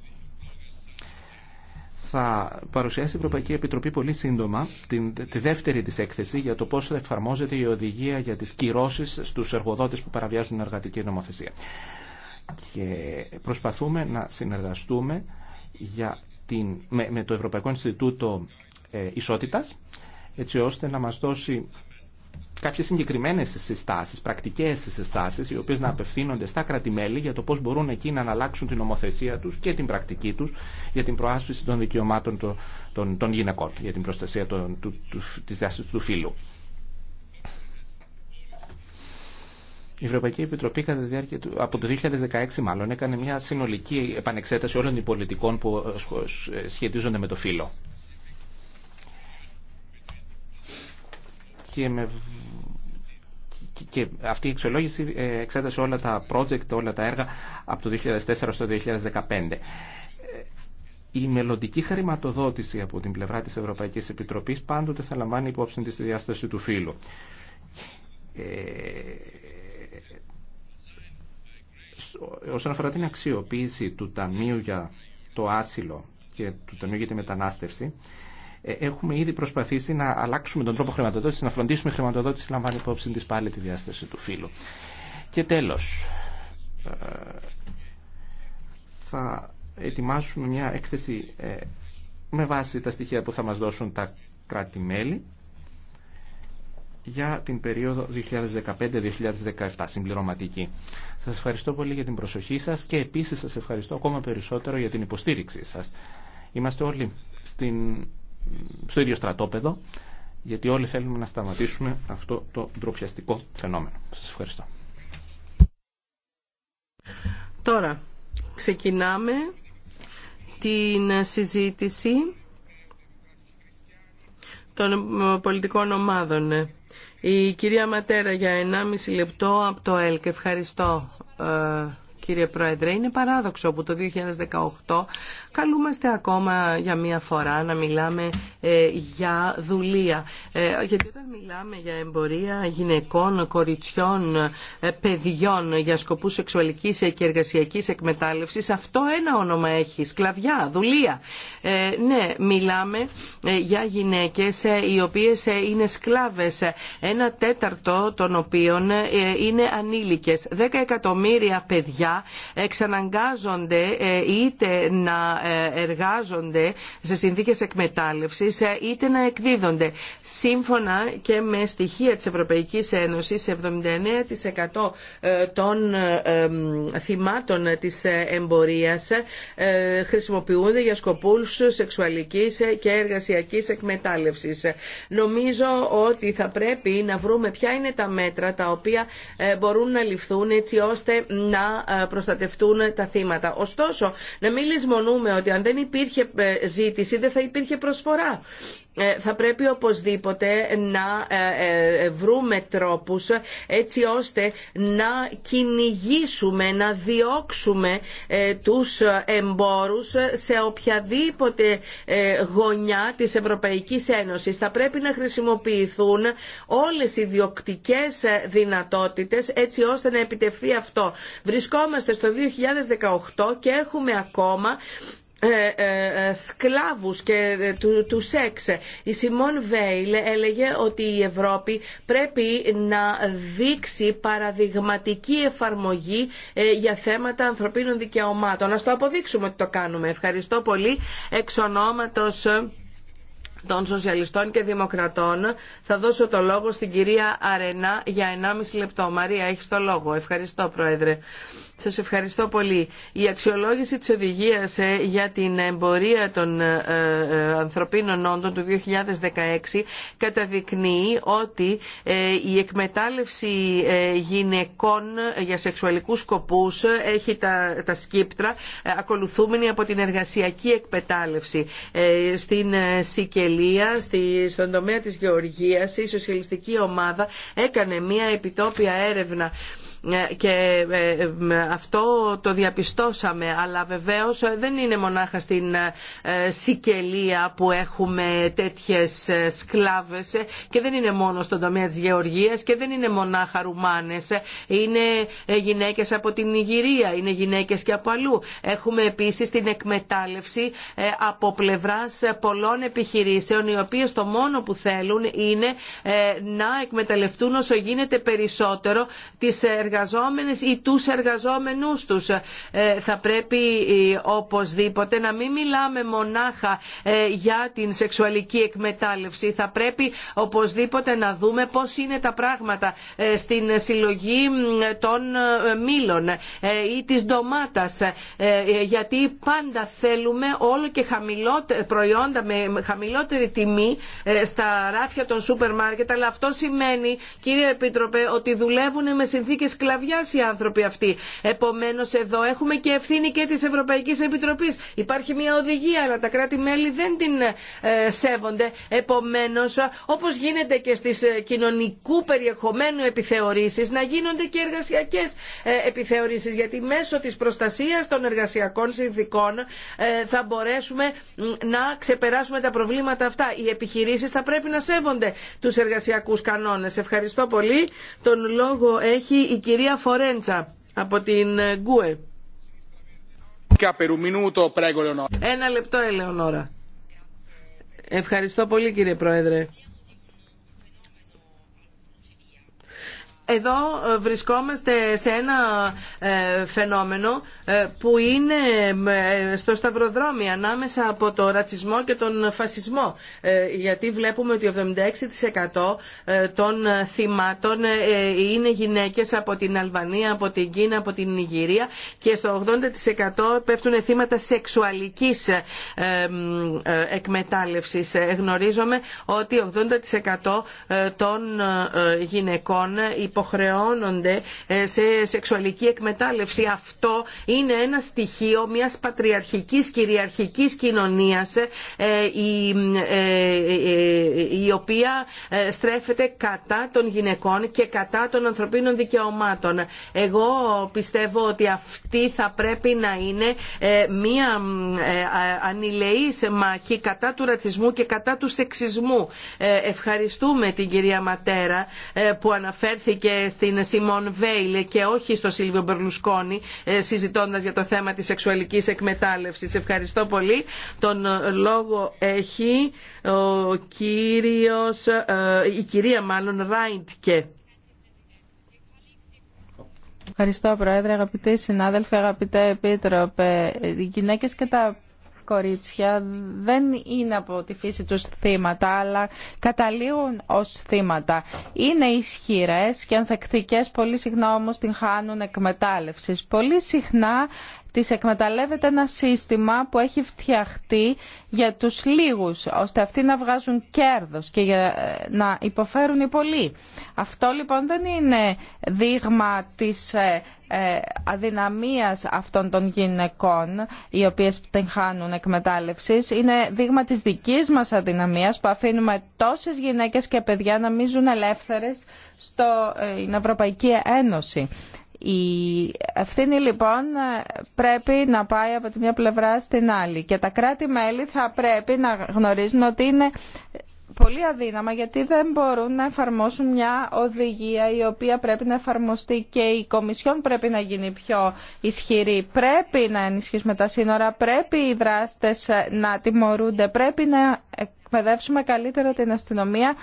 θα παρουσιάσει η Ευρωπαϊκή Επιτροπή πολύ σύντομα την, τη δεύτερη της έκθεση για το πώς θα εφαρμόζεται η οδηγία για τις κυρώσεις στους εργοδότες που παραβιάζουν την εργατική νομοθεσία. Και προσπαθούμε να συνεργαστούμε για την, με, με το Ευρωπαϊκό Ινστιτούτο ε, Ισότητας έτσι ώστε να μας δώσει κάποιες συγκεκριμένες συστάσεις, πρακτικές συστάσεις, οι οποίες να απευθύνονται στα κράτη-μέλη για το πώς μπορούν εκεί να αλλάξουν την ομοθεσία τους και την πρακτική τους για την προάσπιση των δικαιωμάτων των, των, των γυναικών, για την προστασία των, του, του, της του φύλου. Η Ευρωπαϊκή Επιτροπή κατά τη διάρκεια από το 2016 μάλλον έκανε μια συνολική επανεξέταση όλων των πολιτικών που σχετίζονται με το φύλο. Και και αυτή η εξολόγηση ε, εξέτασε όλα τα project, όλα τα έργα από το 2004 στο 2015. Ε, η μελλοντική χρηματοδότηση από την πλευρά της Ευρωπαϊκής Επιτροπής πάντοτε θα λαμβάνει υπόψη τη διάσταση του φύλου. Ε, όσον αφορά την αξιοποίηση του Ταμείου για το Άσυλο και του Ταμείου για τη Μετανάστευση, ε, έχουμε ήδη προσπαθήσει να αλλάξουμε τον τρόπο χρηματοδότηση, να φροντίσουμε χρηματοδότηση χρηματοδότηση λαμβάνει υπόψη τη πάλι τη διάσταση του φύλου. Και τέλο, ε, θα ετοιμάσουμε μια έκθεση ε, με βάση τα στοιχεία που θα μας δώσουν τα κράτη-μέλη για την περίοδο 2015-2017, συμπληρωματική. Σας ευχαριστώ πολύ για την προσοχή σας και επίσης σας ευχαριστώ ακόμα περισσότερο για την υποστήριξή σας. Είμαστε όλοι στην στο ίδιο στρατόπεδο, γιατί όλοι θέλουμε να σταματήσουμε αυτό το ντροπιαστικό φαινόμενο. Σας ευχαριστώ. Τώρα, ξεκινάμε την συζήτηση των πολιτικών ομάδων. Η κυρία Ματέρα για 1,5 λεπτό από το ΕΛΚ. Ευχαριστώ. Ε, κύριε Πρόεδρε. Είναι παράδοξο που το 2018 καλούμαστε ακόμα για μία φορά να μιλάμε ε, για δουλεία. Ε, γιατί όταν μιλάμε για εμπορία γυναικών, κοριτσιών, ε, παιδιών για σκοπούς σεξουαλικής και εργασιακής εκμετάλλευσης, αυτό ένα όνομα έχει, σκλαβιά, δουλεία. ναι, μιλάμε για γυναίκες οι οποίες είναι σκλάβες, ένα τέταρτο των οποίων είναι ανήλικες. 10 εκατομμύρια παιδιά εξαναγκάζονται ε, είτε να ε, εργάζονται σε συνθήκες εκμετάλλευσης ε, είτε να εκδίδονται. Σύμφωνα και με στοιχεία της Ευρωπαϊκής Ένωσης, 79% των θυμάτων της εμπορίας χρησιμοποιούνται για σκοπούς σεξουαλικής και εργασιακής εκμετάλλευσης. Νομίζω ότι θα πρέπει να βρούμε ποια είναι τα μέτρα τα οποία μπορούν να ληφθούν έτσι ώστε να προστατευτούν τα θύματα. Ωστόσο, να μην λησμονούμε ότι αν δεν υπήρχε ε, ζήτηση δεν θα υπήρχε προσφορά. Ε, θα πρέπει οπωσδήποτε να ε, ε, βρούμε τρόπους έτσι ώστε να κυνηγήσουμε, να διώξουμε τους εμπόρους σε οποιαδήποτε γωνιά της Ευρωπαϊκής Ένωσης. Θα πρέπει να χρησιμοποιηθούν όλες οι διοκτικές δυνατότητες έτσι ώστε να επιτευχθεί αυτό. Βρισκόμαστε στο 2018 και έχουμε ακόμα ε, ε, ε, σκλάβους και του, Η Σιμών Βέιλ έλεγε ότι η Ευρώπη πρέπει να δείξει παραδειγματική εφαρμογή για θέματα ανθρωπίνων δικαιωμάτων. Να το αποδείξουμε ότι το κάνουμε. Ευχαριστώ πολύ εξ των Σοσιαλιστών και Δημοκρατών. Θα δώσω το λόγο στην κυρία Αρενά για 1,5 λεπτό. Μαρία, έχεις το λόγο. Ευχαριστώ, Πρόεδρε. Σας ευχαριστώ πολύ. Η αξιολόγηση της οδηγίας ε, για την εμπορία των ε, ε, ανθρωπίνων όντων του 2016 καταδεικνύει ότι η εκμετάλλευση γυναικών για σεξουαλικούς σκοπούς έχει τα, τα σκύπτρα ακολουθούμενη από την εργασιακή εκμετάλλευση. Στην Σικελία, στη, στον τομέα της γεωργίας, η σοσιαλιστική ομάδα έκανε μια επιτόπια έρευνα και ε, ε, αυτό το διαπιστώσαμε αλλά βεβαίως δεν είναι μονάχα στην ε, Σικελία που έχουμε τέτοιες σκλάβες και δεν είναι μόνο στον τομέα της γεωργίας και δεν είναι μονάχα Ρουμάνες είναι γυναίκες από την Ιγυρία, είναι γυναίκες και από αλλού έχουμε επίσης την εκμετάλλευση από πλευράς πολλών επιχειρήσεων οι οποίες το μόνο που θέλουν είναι να εκμεταλλευτούν όσο γίνεται περισσότερο τις εργαζόμενες ή τους εργαζόμενούς τους. Ε, θα πρέπει ε, οπωσδήποτε να μην μιλάμε μονάχα ε, για την σεξουαλική εκμετάλλευση. Θα πρέπει οπωσδήποτε να δούμε πώς είναι τα πράγματα στην συλλογή των μήλων ή της ντομάτας γιατί πάντα θέλουμε όλο και προϊόντα με χαμηλότερη τιμή στα ράφια των σούπερ μάρκετ αλλά αυτό σημαίνει κύριε Επίτροπε ότι δουλεύουν με συνθήκες σκλαβιά οι άνθρωποι αυτοί. Επομένως εδώ έχουμε και ευθύνη και τη Ευρωπαϊκή Επιτροπή. Υπάρχει μια οδηγία αλλά τα κράτη-μέλη δεν την ε, σέβονται. επομένω. Όπω γίνεται και στις ε, κοινωνικού περιεχομένου επιθεωρήσεις να γίνονται και εργασιακές ε, επιθεωρήσεις γιατί μέσω τη προστασία των εργασιακών συνδικών θα μπορέσουμε να ξεπεράσουμε τα προβλήματα αυτά. Οι επιχειρήσει θα πρέπει να σέβονται του εργασιακού κανόνε. Ευχαριστώ πολύ. Τον λόγο έχει κυρία Φορέντσα από την ε, Γκουε. Ένα λεπτό, Ελεονόρα. Ευχαριστώ πολύ κύριε Πρόεδρε. εδώ ε, βρισκόμαστε σε ένα ε, φαινόμενο ε, που είναι στο σταυροδρόμι ανάμεσα από το ρατσισμό και τον φασισμό γιατί βλέπουμε ότι 76% των θυμάτων είναι γυναίκες από την Αλβανία, από την Κίνα, από την Νιγηρία και στο 80% πέφτουν θύματα σεξουαλικής εκμετάλλευσης. Γνωρίζομαι ότι 80% των γυναικών υποχρεώνονται ε, σε σεξουαλική εκμετάλλευση. Αυτό είναι ένα στοιχείο μιας πατριαρχικής κυριαρχικής κοινωνίας ε, ε, η οποία στρέφεται κατά των γυναικών και κατά των ανθρωπίνων δικαιωμάτων. Εγώ πιστεύω ότι αυτή θα πρέπει να είναι μια σε μάχη κατά του ρατσισμού και κατά του σεξισμού. Ευχαριστούμε την κυρία Ματέρα που αναφέρθηκε και στην Σιμών Βέιλ και όχι στο Σίλβιο Μπερλουσκόνη συζητώντας για το θέμα της σεξουαλικής εκμετάλλευσης. Ευχαριστώ πολύ. Τον ε, λόγο έχει ο κύριος, ε, η κυρία μάλλον Ράιντκε. Ευχαριστώ Πρόεδρε, αγαπητοί συνάδελφοι, αγαπητέ Επίτροπε. Οι γυναίκες και τα κορίτσια δεν είναι από τη φύση τους θύματα, αλλά καταλήγουν ως θύματα. Είναι ισχυρές και ανθεκτικές, πολύ συχνά όμως την χάνουν εκμετάλλευσης. Πολύ συχνά τις εκμεταλλεύεται ένα σύστημα που έχει φτιαχτεί για τους λίγους, ώστε αυτοί να βγάζουν κέρδος και για ε, να υποφέρουν οι πολλοί. Αυτό λοιπόν δεν είναι δείγμα της ε, ε, αδυναμίας αυτών των γυναικών, οι οποίες την χάνουν εκμετάλλευσης. Είναι δείγμα της δικής μας αδυναμίας που αφήνουμε τόσες γυναίκες και παιδιά να μην ζουν ελεύθερες στην Ευρωπαϊκή Ένωση. Η ευθύνη λοιπόν πρέπει να πάει από τη μια πλευρά στην άλλη και τα κράτη-μέλη θα πρέπει να γνωρίζουν ότι είναι πολύ αδύναμα γιατί δεν μπορούν να εφαρμόσουν μια οδηγία η οποία πρέπει να εφαρμοστεί και η Κομισιόν πρέπει να γίνει πιο ισχυρή. Πρέπει να ενισχύσουμε τα σύνορα, πρέπει οι δράστες να τιμωρούνται, πρέπει να εκπαιδεύσουμε καλύτερα την αστυνομία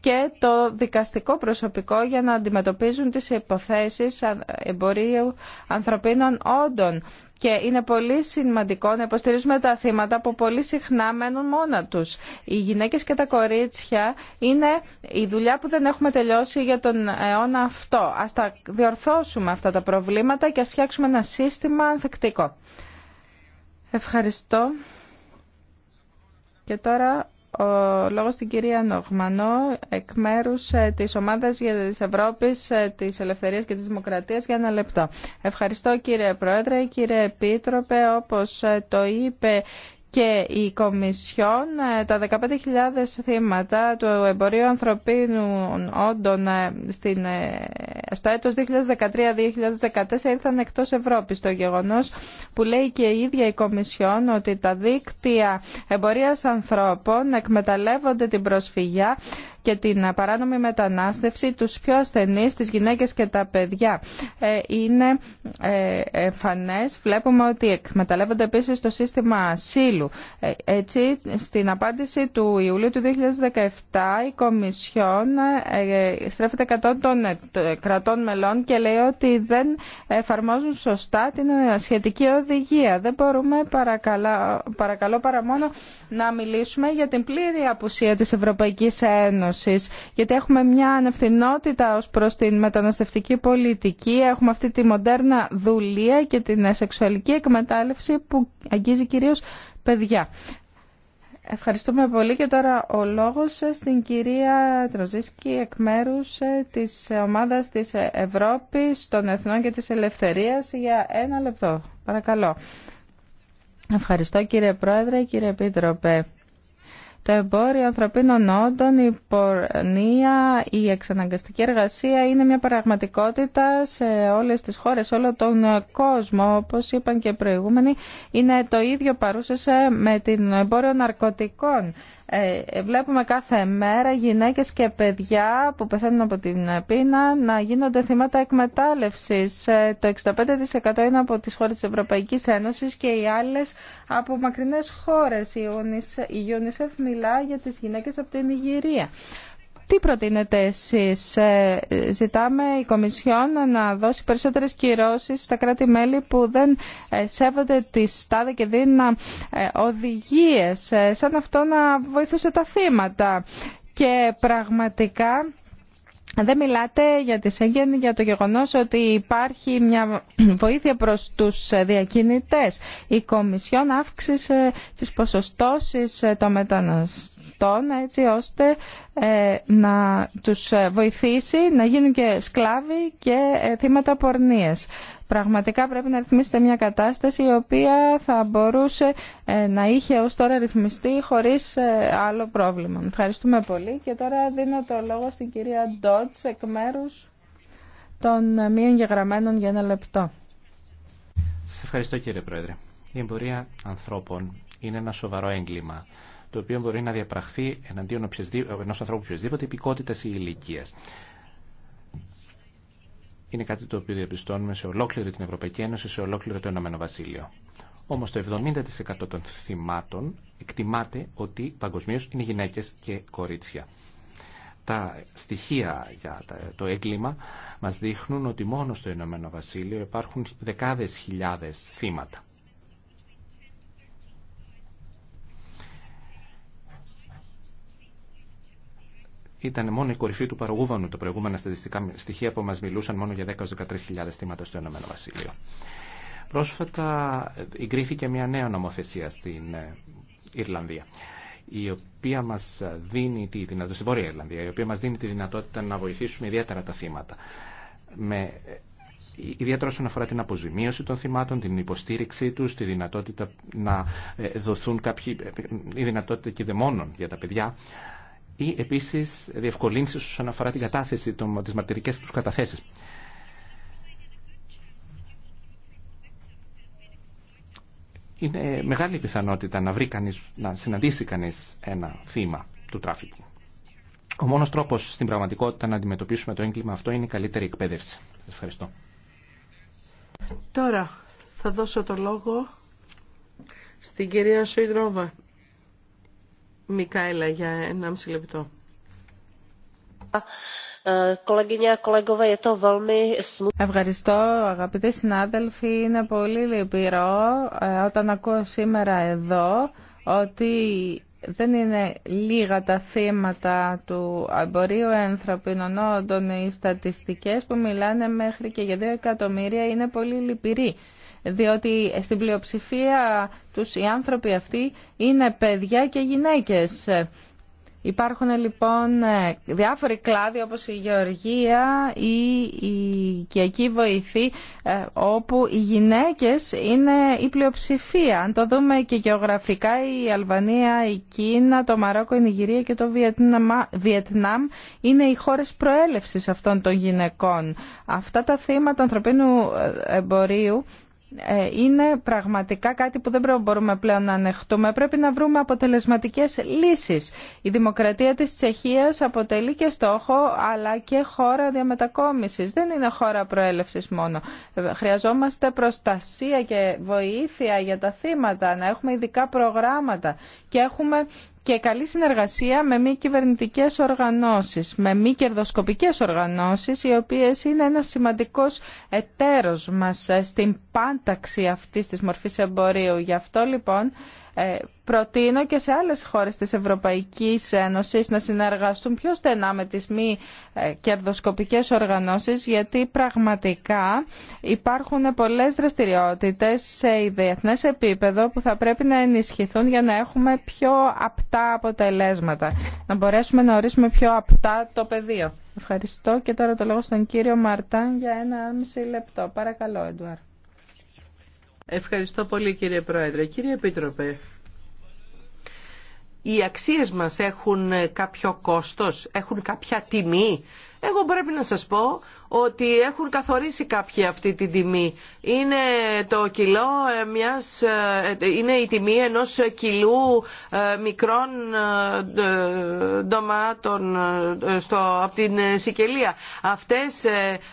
και το δικαστικό προσωπικό για να αντιμετωπίζουν τις υποθέσεις εμπορίου ανθρωπίνων όντων. Και είναι πολύ σημαντικό να υποστηρίζουμε τα θύματα που πολύ συχνά μένουν μόνα τους. Οι γυναίκες και τα κορίτσια είναι η δουλειά που δεν έχουμε τελειώσει για τον αιώνα αυτό. Ας τα διορθώσουμε αυτά τα προβλήματα και ας φτιάξουμε ένα σύστημα ανθεκτικό. Ευχαριστώ. Και τώρα ο λόγος στην κυρία Νογμανό εκ μέρου ε, της Ομάδας για της Ευρώπης, ε, της Ελευθερίας και της Δημοκρατίας για ένα λεπτό. Ευχαριστώ κύριε Πρόεδρε, κύριε Επίτροπε, όπως ε, το είπε και η Κομισιόν ε, τα 15.000 θύματα του εμπορίου ανθρωπίνου όντων ε, στην, ε, στο έτος 2013-2014 ήρθαν εκτός Ευρώπης. Το γεγονός που λέει και η ίδια η Κομισιόν ότι τα δίκτυα εμπορίας ανθρώπων εκμεταλλεύονται την προσφυγιά και την παράνομη μετανάστευση, τους πιο ασθενείς, τις γυναίκες και τα παιδιά. Ε, είναι ε, εμφανές, βλέπουμε ότι εκμεταλλεύονται επίσης το σύστημα ασύλου. Ε, έτσι, στην απάντηση του Ιουλίου του 2017 η Κομισιόν στρέφεται κατά των κρατών μελών και λέει ότι δεν εφαρμόζουν σωστά την σχετική οδηγία. Δεν μπορούμε παρακαλώ, παρακαλώ παρά μόνο να μιλήσουμε για την πλήρη απουσία της Ευρωπαϊκής Ένωσης γιατί έχουμε μια ανευθυνότητα ως προς την μεταναστευτική πολιτική, έχουμε αυτή τη μοντέρνα δουλεία και την σεξουαλική εκμετάλλευση που αγγίζει κυρίως παιδιά. Ευχαριστούμε πολύ και τώρα ο λόγος στην κυρία Τροζίσκη εκ μέρου ε, της ομάδας της Ευρώπης των Εθνών και της Ελευθερίας για ένα λεπτό. Παρακαλώ. Ευχαριστώ κύριε Πρόεδρε, κύριε Επίτροπε το εμπόριο ανθρωπίνων όντων, η πορνεία, η εξαναγκαστική εργασία είναι μια πραγματικότητα σε όλες τις χώρες, σε όλο τον κόσμο. Όπως είπαν και προηγούμενοι, είναι το ίδιο παρούσε με την εμπόριο ναρκωτικών. Ε, ε, βλέπουμε κάθε μέρα γυναίκες και παιδιά που πεθαίνουν από την πείνα να γίνονται θύματα εκμετάλλευσης. Ε, το 65% είναι από τις χώρες της Ευρωπαϊκής Ένωσης και οι άλλες από μακρινές χώρες. Η UNICEF μιλά για τις γυναίκες από την Ιγυρία. Τι προτείνετε εσείς. Ε, ζητάμε η Κομισιόν να δώσει περισσότερες κυρώσεις στα κράτη-μέλη που δεν ε, σέβονται τη στάδια και δίνα ε, οδηγίες, σαν αυτό να βοηθούσε τα θύματα. Και πραγματικά... Δεν μιλάτε για τη Σέγγεν, για το γεγονός ότι υπάρχει μια βοήθεια προς τους διακινητές. Η Κομισιόν αύξησε τις ποσοστώσεις των μεταναστών να έτσι ώστε ε, να τους ε, βοηθήσει να γίνουν και σκλάβοι και ε, θύματα πορνείας. Πραγματικά πρέπει να ρυθμίσετε μια κατάσταση η οποία θα μπορούσε να είχε ως τώρα ρυθμιστεί χωρίς άλλο πρόβλημα. Ευχαριστούμε πολύ και τώρα δίνω το λόγο στην κυρία Ντότς εκ μέρου των μη εγγεγραμμένων για ένα λεπτό. Σας ευχαριστώ κύριε Πρόεδρε. Η εμπορία ανθρώπων είναι ένα σοβαρό έγκλημα το οποίο μπορεί να διαπραχθεί εναντίον ενό ανθρώπου οποιοδήποτε υπηκότητα ή ηλικία. Είναι κάτι το οποίο διαπιστώνουμε σε ολόκληρη την Ευρωπαϊκή Ένωση, σε ολόκληρο το Ηνωμένο Βασίλειο. Όμω το 70% των θυμάτων εκτιμάται ότι παγκοσμίω είναι γυναίκε και κορίτσια. Τα στοιχεία για το έγκλημα μας δείχνουν ότι μόνο στο Ηνωμένο Βασίλειο υπάρχουν δεκάδες χιλιάδες θύματα. ήταν μόνο η κορυφή του παρογούβανου. Τα προηγούμενα στατιστικά στοιχεία που μα μιλούσαν μόνο για 10-13.000 θύματα στο Ηνωμένο Βασίλειο. Πρόσφατα εγκρίθηκε μια νέα νομοθεσία στην ε, Ιρλανδία η οποία μας δίνει τη δυνατότητα, Βόρεια Ιρλανδία, η οποία μα δίνει τη δυνατότητα να βοηθήσουμε ιδιαίτερα τα θύματα. Με, ε, ιδιαίτερα όσον αφορά την αποζημίωση των θυμάτων, την υποστήριξή του, τη δυνατότητα να ε, δοθούν κάποιοι, η δυνατότητα και δαιμόνων για τα παιδιά, ή επίση διευκολύνσεις όσον αφορά την κατάθεση των, τις του τους καταθέσεις. Είναι μεγάλη πιθανότητα να, βρει να συναντήσει κανείς ένα θύμα του τράφικινγκ. Ο μόνο τρόπο στην πραγματικότητα να αντιμετωπίσουμε το έγκλημα αυτό είναι η καλύτερη εκπαίδευση. ευχαριστώ. Τώρα θα δώσω το λόγο στην κυρία Σουηδρόβα για ένα μισή λεπτό. Ε, Ευχαριστώ αγαπητοί συνάδελφοι. Είναι πολύ λυπηρό ε, όταν ακούω σήμερα εδώ ότι δεν είναι λίγα τα θύματα του εμπορίου ανθρωπίνων όντων. Οι στατιστικές που μιλάνε μέχρι και για δύο εκατομμύρια είναι πολύ λυπηροί διότι στην πλειοψηφία τους οι άνθρωποι αυτοί είναι παιδιά και γυναίκες. Υπάρχουν λοιπόν ε, διάφοροι κλάδοι όπως η γεωργία ή η οικιακή βοηθή ε, όπου οι γυναίκες είναι η πλειοψηφία. Αν το δούμε και γεωγραφικά η Αλβανία, η Κίνα, το Μαρόκο, η Νιγηρία και το Βιετνάμ είναι οι χώρες προέλευσης αυτών των γυναικών. Αυτά τα θύματα ανθρωπίνου ε, εμπορίου ε, είναι πραγματικά κάτι που δεν μπορούμε πλέον να ανεχτούμε. Πρέπει να βρούμε αποτελεσματικές λύσεις. Η δημοκρατία της Τσεχίας αποτελεί και στόχο αλλά και χώρα διαμετακόμισης. Δεν είναι χώρα προέλευσης μόνο. Ε, χρειαζόμαστε προστασία και βοήθεια για τα θύματα, να έχουμε ειδικά προγράμματα και έχουμε και καλή συνεργασία με μη κυβερνητικέ οργανώσεις, με μη κερδοσκοπικέ οργανώσεις, οι οποίες είναι ένα σημαντικός εταίρο μας ε, στην πάνταξη αυτή της μορφή εμπορίου. Γι' αυτό λοιπόν ε, προτείνω και σε άλλες χώρες της Ευρωπαϊκής Ένωσης να συνεργαστούν πιο στενά με τις μη ε, κερδοσκοπικές οργανώσεις γιατί πραγματικά υπάρχουν πολλές δραστηριότητες σε διεθνές επίπεδο που θα πρέπει να ενισχυθούν για να έχουμε πιο απτά αποτελέσματα. Να μπορέσουμε να ορίσουμε πιο απτά το πεδίο. Ευχαριστώ και τώρα το λόγο στον κύριο Μαρτάν για ένα μισή λεπτό. Παρακαλώ, Εντουάρ. Ευχαριστώ πολύ κύριε Πρόεδρε. Κύριε Επίτροπε, οι αξίες μας έχουν κάποιο κόστος, έχουν κάποια τιμή. Εγώ πρέπει να σας πω ότι έχουν καθορίσει κάποιοι αυτή την τιμή. Είναι, το κιλό ε, μιας, ε, είναι η τιμή ενός κιλού ε, μικρών ντομάτων στο, από την Σικελία. Αυτές,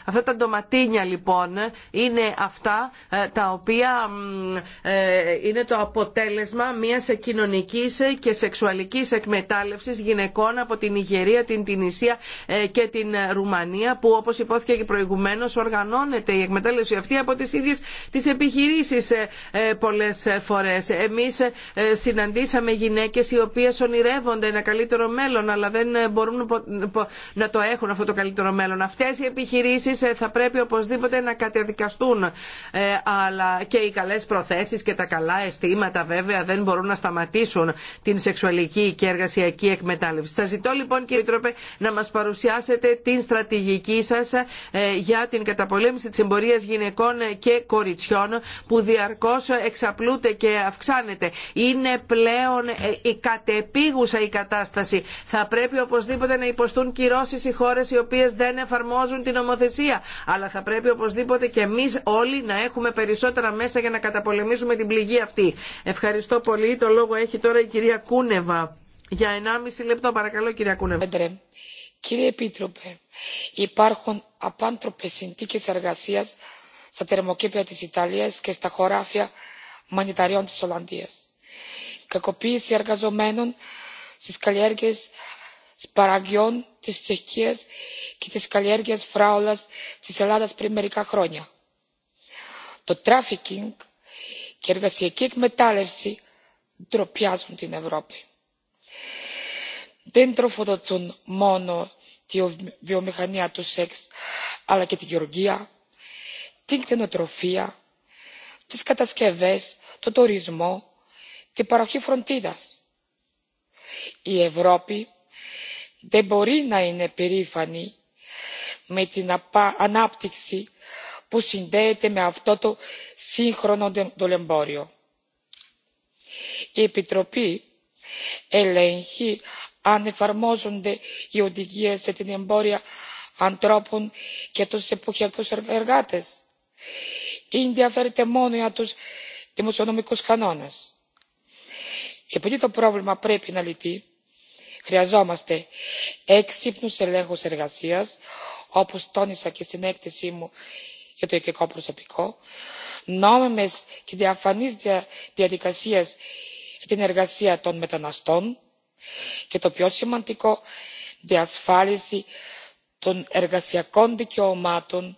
αυτά τα ντοματίνια λοιπόν είναι αυτά τα οποία είναι το αποτέλεσμα μιας κοινωνικής και σεξουαλικής εκμετάλλευσης γυναικών από την Ιγερία, την Τινησία και την Ρουμανία που όπως υπόθηκε και προηγουμένως οργανώνεται η εκμετάλλευση αυτή από τις ίδιες τις επιχειρήσεις ε, ε, πολλές φορές. Εμείς ε, συναντήσαμε γυναίκες οι οποίες ονειρεύονται ένα καλύτερο μέλλον αλλά δεν μπορούν να το έχουν αυτό το καλύτερο μέλλον. Αυτές οι επιχειρήσεις θα πρέπει οπωσδήποτε να κατεδικαστούν αλλά και οι καλές προθέσεις και τα καλά αισθήματα βέβαια δεν μπορούν να σταματήσουν την σεξουαλική και εργασιακή εκμετάλλευση. Σας ζητώ λοιπόν κύριε Τρόπε να μας παρουσιάσετε την στρατηγική σα ε, για την καταπολέμηση τη εμπορία γυναικών και κοριτσιών που διαρκώ εξαπλούται και αυξάνεται. Είναι πλέον ε, η κατεπίγουσα η κατάσταση. Θα πρέπει οπωσδήποτε να υποστούν κυρώσει οι χώρε οι οποίε δεν εφαρμόζουν την νομοθεσία. Αλλά θα πρέπει οπωσδήποτε και εμεί όλοι να έχουμε περισσότερα μέσα για να καταπολεμήσουμε την πληγή αυτή. Ευχαριστώ πολύ. Το λόγο έχει τώρα η κυρία Κούνεβα. Για 1,5 λεπτό παρακαλώ κυρία Κούνεβα κύριε επίτροπε υπάρχουν απάνθρωπες συνθήκες εργασίας στα θερμοκήπια της ιταλίας και στα χωράφια μανιταριών της ολλανδίας κακοποίηση εργαζομένων στις καλλιέργειες σπαραγγιών της τσεχίας και τις καλλιέργειες φράουλας της ελλάδας πριν μερικά χρόνια. το τράφικινγκ και η εργασιακή εκμετάλλευση ντροπιάζουν την ευρώπη δεν τροφοδοτούν μόνο τη βιομηχανία του σεξ αλλά και τη γεωργία την κτηνοτροφία τις κατασκευές τον τουρισμό την παροχή φροντίδας. η ευρώπη δεν μπορεί να είναι περήφανη με την ανάπτυξη που συνδέεται με αυτό το σύγχρονο δολεμπόριο. η επιτροπή ελέγχει αν εφαρμόζονται οι οδηγίε σε την εμπόρια ανθρώπων και του εποχιακού εργάτες ή ενδιαφέρεται μόνο για του δημοσιονομικού κανόνες. Επειδή το πρόβλημα πρέπει να λυθεί, χρειαζόμαστε έξυπνους ελέγχου εργασία, όπω τόνισα και στην έκθεσή μου για το οικικό προσωπικό, νόμιμες και διαφανείς διαδικασίες για την εργασία των μεταναστών, και το πιο σημαντικό διασφάλιση των εργασιακών δικαιωμάτων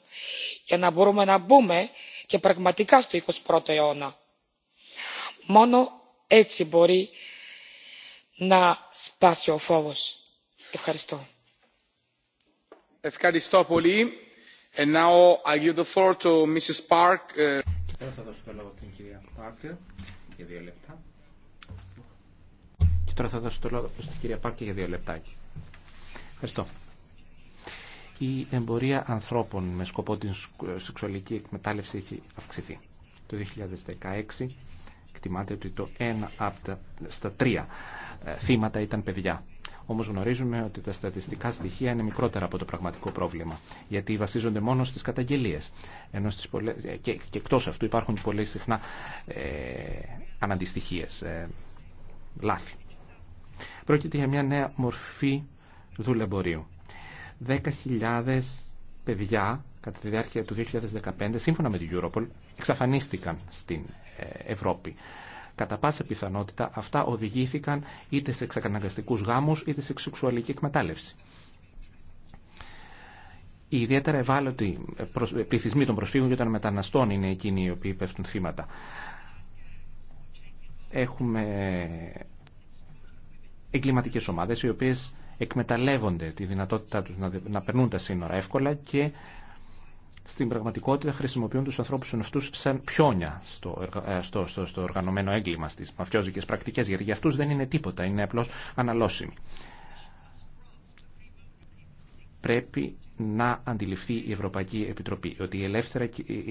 για να μπορούμε να μπούμε και πραγματικά στο 21ο αιώνα. Μόνο έτσι μπορεί να σπάσει ο φόβος. Ευχαριστώ. Ευχαριστώ πολύ. And now I give ε, θα δώσω κυρία για δύο λεπτά. Τώρα θα δώσω το λόγο στην κυρία Πάρκη για δύο λεπτάκια. Ευχαριστώ. Η εμπορία ανθρώπων με σκοπό την σεξουαλική εκμετάλλευση έχει αυξηθεί. Το 2016 εκτιμάται ότι το ένα από τα, στα ε, θύματα ήταν παιδιά. Όμως γνωρίζουμε ότι τα στατιστικά στοιχεία είναι μικρότερα από το πραγματικό πρόβλημα, γιατί βασίζονται μόνο στις καταγγελίες. πολλές, ε, και, και εκτός αυτού υπάρχουν πολλές συχνά ε, αναντιστοιχίες, ε, λάθη. Πρόκειται για μια νέα μορφή δουλεμπορίου. 10.000 παιδιά κατά τη διάρκεια του 2015, σύμφωνα με την Europol, εξαφανίστηκαν στην ε, Ευρώπη. Κατά πάσα πιθανότητα αυτά οδηγήθηκαν είτε σε εξακαναγκαστικούς γάμους είτε σε σεξουαλική εκμετάλλευση. Οι ιδιαίτερα ευάλωτοι ε, ε, πληθυσμοί των προσφύγων και των μεταναστών είναι εκείνοι οι οποίοι πέφτουν θύματα. Έχουμε εγκληματικές ομάδες οι οποίες εκμεταλλεύονται τη δυνατότητά τους να, περνούν τα σύνορα εύκολα και στην πραγματικότητα χρησιμοποιούν τους ανθρώπους αυτούς σαν πιόνια στο, ε, στο, στο, στο οργανωμένο έγκλημα, στις μαφιόζικες πρακτικές, γιατί για αυτούς δεν είναι τίποτα, είναι απλώς αναλώσιμοι. Πρέπει να αντιληφθεί η Ευρωπαϊκή Επιτροπή ότι η ελεύθερη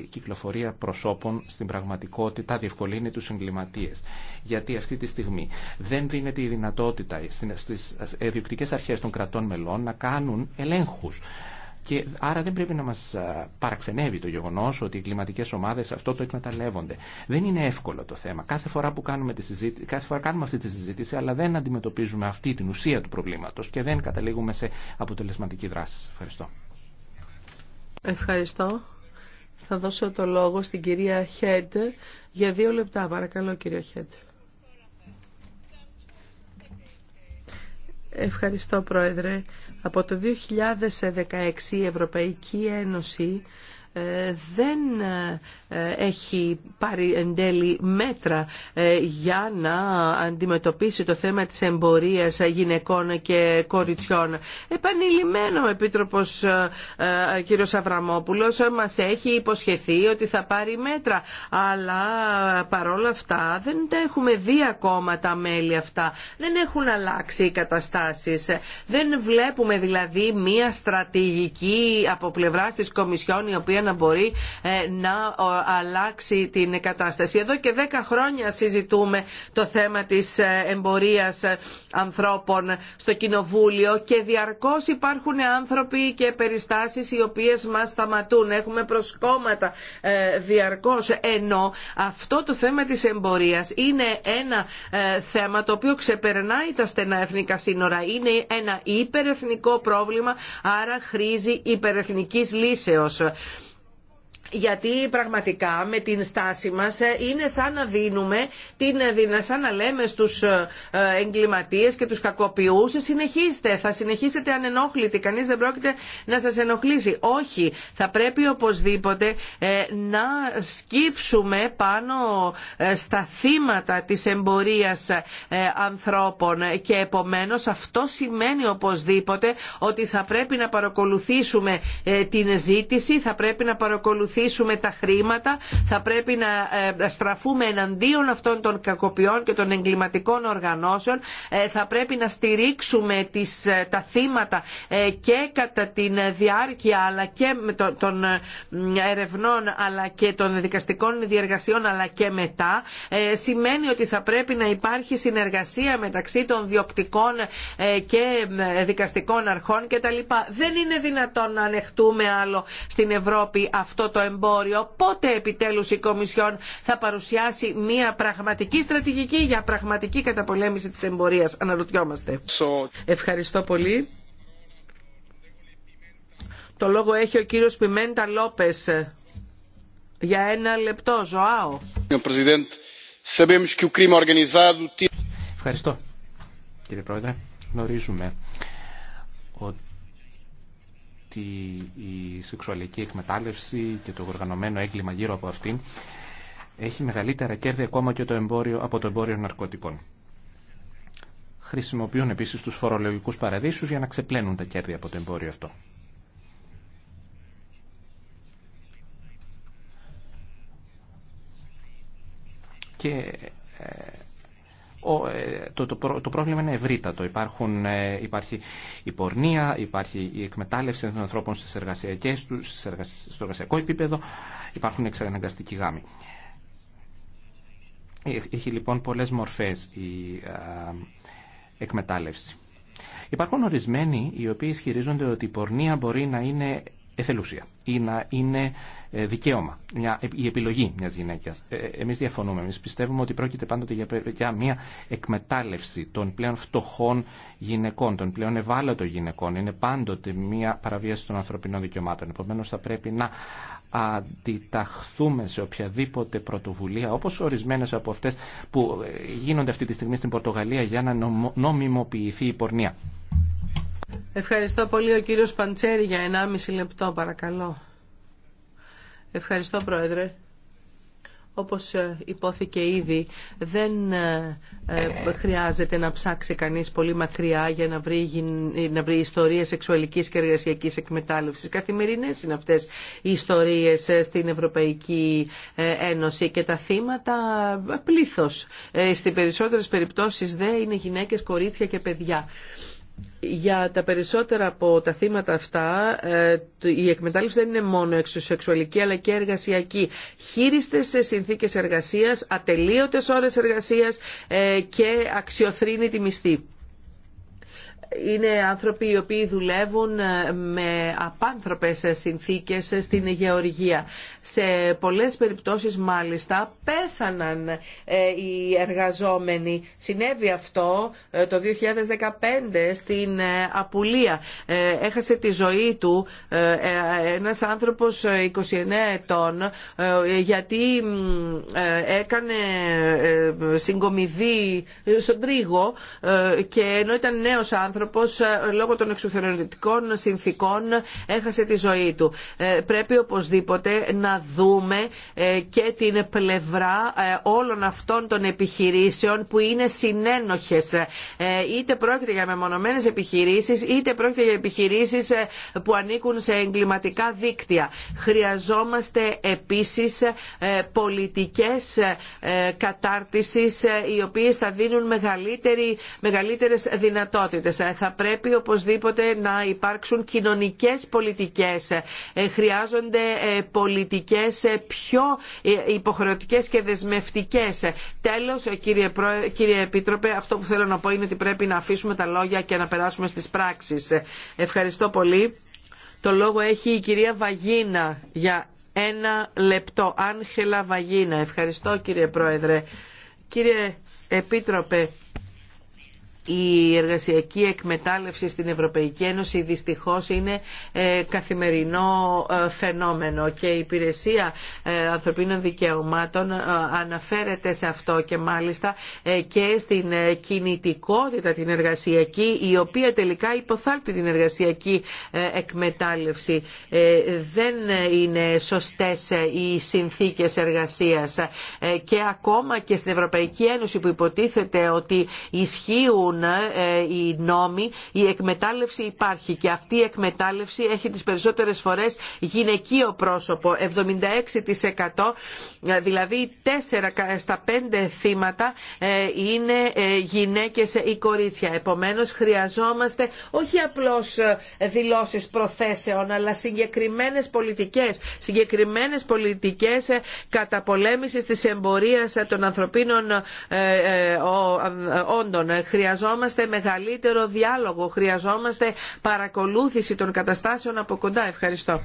κυκλοφορία προσώπων στην πραγματικότητα διευκολύνει τους εγκληματίες. Γιατί αυτή τη στιγμή δεν δίνεται η δυνατότητα στις διοικητικές αρχές των κρατών μελών να κάνουν ελέγχους και άρα δεν πρέπει να μα παραξενεύει το γεγονό ότι οι κλιματικέ ομάδε αυτό το εκμεταλλεύονται. Δεν είναι εύκολο το θέμα. Κάθε φορά που κάνουμε, τη συζήτηση, κάθε φορά κάνουμε αυτή τη συζήτηση, αλλά δεν αντιμετωπίζουμε αυτή την ουσία του προβλήματο και δεν καταλήγουμε σε αποτελεσματική δράση. ευχαριστώ. Ευχαριστώ. Θα δώσω το λόγο στην κυρία Χέντ για δύο λεπτά. Παρακαλώ, κυρία Χέντ. Ευχαριστώ, Πρόεδρε. Από το 2016 η Ευρωπαϊκή Ένωση ε, δεν ε, έχει πάρει εν τέλει μέτρα ε, για να αντιμετωπίσει το θέμα της εμπορίας γυναικών και κοριτσιών. Επανειλημμένο ο Επίτροπος κ. Αβραμόπουλος μας έχει υποσχεθεί ότι θα πάρει μέτρα, αλλά παρόλα αυτά δεν τα έχουμε δει ακόμα τα μέλη αυτά. Δεν έχουν αλλάξει οι καταστάσεις. Δεν βλέπουμε δηλαδή μία στρατηγική από πλευρά της Κομισιόν η οποία να μπορεί ε, να αλλάξει την κατάσταση. Εδώ και δέκα χρόνια συζητούμε το θέμα της ε, εμπορίας ε, ανθρώπων στο Κοινοβούλιο και διαρκώς υπάρχουν άνθρωποι και περιστάσεις οι οποίες μας σταματούν. Έχουμε προσκόμματα διαρκώς ενώ αυτό το θέμα της εμπορίας είναι ένα θέμα το οποίο ξεπερνάει τα στενά εθνικά σύνορα. Είναι ένα υπερεθνικό πρόβλημα άρα χρήζει υπερεθνικής λύσεως γιατί πραγματικά με την στάση μας ε, είναι σαν να δίνουμε, την, ε, σαν να λέμε στους ε, εγκληματίες και τους κακοποιούς συνεχίστε, θα συνεχίσετε ανενόχλητοι, κανείς δεν πρόκειται να σας ενοχλήσει. Όχι, θα πρέπει οπωσδήποτε να σκύψουμε πάνω στα θύματα της εμπορίας ανθρώπων και επομένως αυτό σημαίνει οπωσδήποτε ότι θα πρέπει να παρακολουθήσουμε την ζήτηση, θα πρέπει να παρακολουθήσουμε βοηθήσουμε τα χρήματα θα πρέπει ε, να στραφούμε εναντίον αυτών των κακοποιών και των εγκληματικών οργανώσεων ε, θα πρέπει να στηρίξουμε τις, ε, τα θύματα και κατά την διάρκεια αλλά και των ερευνών αλλά και των δικαστικών διεργασιών αλλά και μετά σημαίνει ότι θα πρέπει να υπάρχει συνεργασία μεταξύ των διοκτικών και δικαστικών αρχών κτλ. Δεν είναι δυνατόν να ανεχτούμε άλλο στην Ευρώπη αυτό το εμπόριο. Πότε επιτέλους η Κομισιόν θα παρουσιάσει μια πραγματική στρατηγική για πραγματική καταπολέμηση της εμπορίας. Αναρωτιόμαστε. Ευχαριστώ πολύ. Το λόγο έχει ο κύριος Πιμέντα Λόπες. Για ένα λεπτό, Ζωάο. Ευχαριστώ, κύριε Πρόεδρε. Γνωρίζουμε η σεξουαλική εκμετάλλευση και το οργανωμένο έγκλημα γύρω από αυτήν έχει μεγαλύτερα κέρδη ακόμα και το εμπόριο, από το εμπόριο ναρκωτικών. Χρησιμοποιούν επίσης τους φορολογικούς παραδείσους για να ξεπλένουν τα κέρδη από το εμπόριο αυτό. Και ε, ε, το, το, το πρόβλημα είναι ευρύτατο. Υπάρχουν, ε, υπάρχει η πορνεία, υπάρχει η εκμετάλλευση των ανθρώπων στις εργασιακές, στις στο εργασιακό επίπεδο, υπάρχουν εξαναγκαστικοί γάμοι. Ε, έχει λοιπόν πολλές μορφές η εκμετάλλευση. Υπάρχουν ορισμένοι οι οποίοι ισχυρίζονται ότι η πορνεία μπορεί να είναι εθελούσια ή να είναι ε, δικαίωμα, μια, η επιλογή μιας γυναίκας. Ε, εμείς διαφωνούμε, εμείς πιστεύουμε ότι πρόκειται πάντοτε για, για μια εκμετάλλευση των πλέον φτωχών γυναικών, των πλέον ευάλωτων γυναικών. Είναι πάντοτε μια παραβίαση των ανθρωπινών δικαιωμάτων. Επομένως θα πρέπει να αντιταχθούμε σε οποιαδήποτε πρωτοβουλία, όπως ορισμένες από αυτές που ε, γίνονται αυτή τη στιγμή στην Πορτογαλία για να νομιμοποιηθεί η πορνεία. Ευχαριστώ πολύ ο κύριος Παντσέρη για 1,5 λεπτό παρακαλώ. Ευχαριστώ πρόεδρε όπως ε, υπόθηκε ήδη, δεν ε, ε, χρειάζεται να ψάξει κανείς πολύ μακριά για να βρει, να βρει ιστορίες σεξουαλικής και εργασιακής εκμετάλλευσης. Καθημερινές είναι αυτές οι ιστορίες στην Ευρωπαϊκή Ένωση και τα θύματα πλήθος. Στις περισσότερες περιπτώσεις δε είναι γυναίκες, κορίτσια και παιδιά. Για τα περισσότερα από τα θύματα αυτά, ε, η εκμετάλλευση δεν είναι μόνο εξωσεξουαλική αλλά και εργασιακή. Χείριστε σε συνθήκες εργασίας, ατελείωτες ώρες εργασίας ε, και τη μισθή είναι άνθρωποι οι οποίοι δουλεύουν ε, με απάνθρωπες συνθήκες στην γεωργία. Σε πολλές περιπτώσεις μάλιστα πέθαναν ε, οι εργαζόμενοι. Συνέβη αυτό ε, το 2015 στην Απουλία. Έχασε τη ζωή του ένας άνθρωπος 29 ετών γιατί έκανε συγκομιδή στον τρίγο και ενώ ήταν νέος άνθρωπος ε, λόγω των εξουθενωτικών συνθήκων έχασε τη ζωή του. Ε, πρέπει οπωσδήποτε να δούμε ε, και την πλευρά όλων αυτών των επιχειρήσεων που είναι συνένοχες. Είτε πρόκειται για μεμονωμένε επιχειρήσει, είτε πρόκειται για επιχειρήσει που ανήκουν σε εγκληματικά δίκτυα. Χρειαζόμαστε επίση πολιτικές κατάρτισης οι οποίε θα δίνουν μεγαλύτερε δυνατότητε. Θα πρέπει οπωσδήποτε να υπάρξουν κοινωνικές πολιτικές. Ε, χρειάζονται ε, πολιτικές ε, πιο υποχρεωτικές και δεσμευτικές. Τέλος, κύριε, Πρόεδρε, Επίτροπε, αυτό που θέλω να πω είναι ότι πρέπει να αφήσουμε τα λόγια και να περάσουμε στις πράξεις. Ευχαριστώ πολύ. Το λόγο έχει η κυρία Βαγίνα για ένα λεπτό. Άγχελα Βαγίνα. Ευχαριστώ κύριε Πρόεδρε. Κύριε Επίτροπε, η εργασιακή εκμετάλλευση στην Ευρωπαϊκή Ένωση δυστυχώς είναι ε, καθημερινό ε, φαινόμενο και η Υπηρεσία ε, Ανθρωπίνων Δικαιωμάτων αναφέρεται σε αυτό και μάλιστα και στην κινητικότητα την εργασιακή η οποία τελικά υποθάλπτει την εργασιακή εκμετάλλευση. Δεν είναι σωστές οι συνθήκες εργασίας και ακόμα και στην Ευρωπαϊκή Ένωση που υποτίθεται ότι ισχύουν ε, οι νόμοι η εκμετάλλευση υπάρχει και αυτή η εκμετάλλευση έχει τις περισσότερες φορές γυναικείο πρόσωπο 76% ε, δηλαδή 4 στα 5 θύματα ε, είναι γυναίκες ή κορίτσια. Επομένως χρειαζόμαστε όχι απλώς δηλώσεις προθέσεων αλλά συγκεκριμένες πολιτικές, συγκεκριμένες πολιτικές καταπολέμησης της εμπορίας των ανθρωπίνων όντων. Χρειαζόμαστε μεγαλύτερο διάλογο, χρειαζόμαστε παρακολούθηση των καταστάσεων από κοντά. Ευχαριστώ.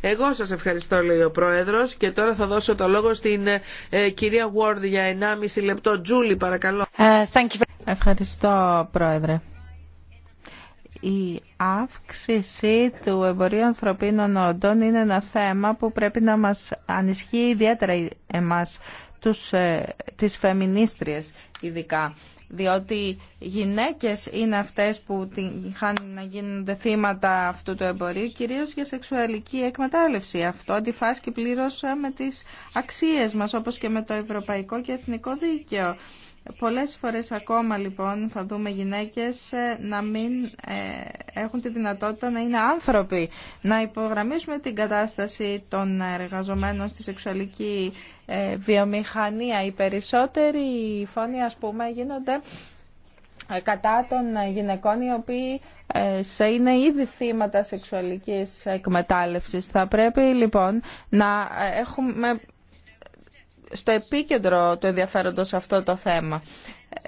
Εγώ σας ευχαριστώ λέει ο Πρόεδρος και τώρα θα δώσω το λόγο στην ε, κυρία Ward για 1,5 λεπτό. Τζούλη παρακαλώ. Ε, ευχαριστώ Πρόεδρε. Η αύξηση του εμπορίου ανθρωπίνων όντων είναι ένα θέμα που πρέπει να μας ανισχύει ιδιαίτερα εμάς τους, ε, τις φεμινίστριες ειδικά διότι γυναίκες είναι αυτές που την χάνουν να γίνονται θύματα αυτού του εμπορίου, κυρίως για σεξουαλική εκμετάλλευση. Αυτό αντιφάσκει πλήρως ε, με τις αξίες μας, όπως και με το ευρωπαϊκό και εθνικό δίκαιο. Πολλές φορές ακόμα λοιπόν θα δούμε γυναίκες ε, να μην ε, έχουν τη δυνατότητα να είναι άνθρωποι. Να υπογραμμίσουμε την κατάσταση των εργαζομένων στη σεξουαλική ε, βιομηχανία. Οι περισσότεροι φόνοι ας πούμε γίνονται κατά των γυναικών οι οποίοι είναι ήδη θύματα σεξουαλικής εκμετάλλευσης. Θα πρέπει λοιπόν να έχουμε στο επίκεντρο του ενδιαφέροντος αυτό το θέμα.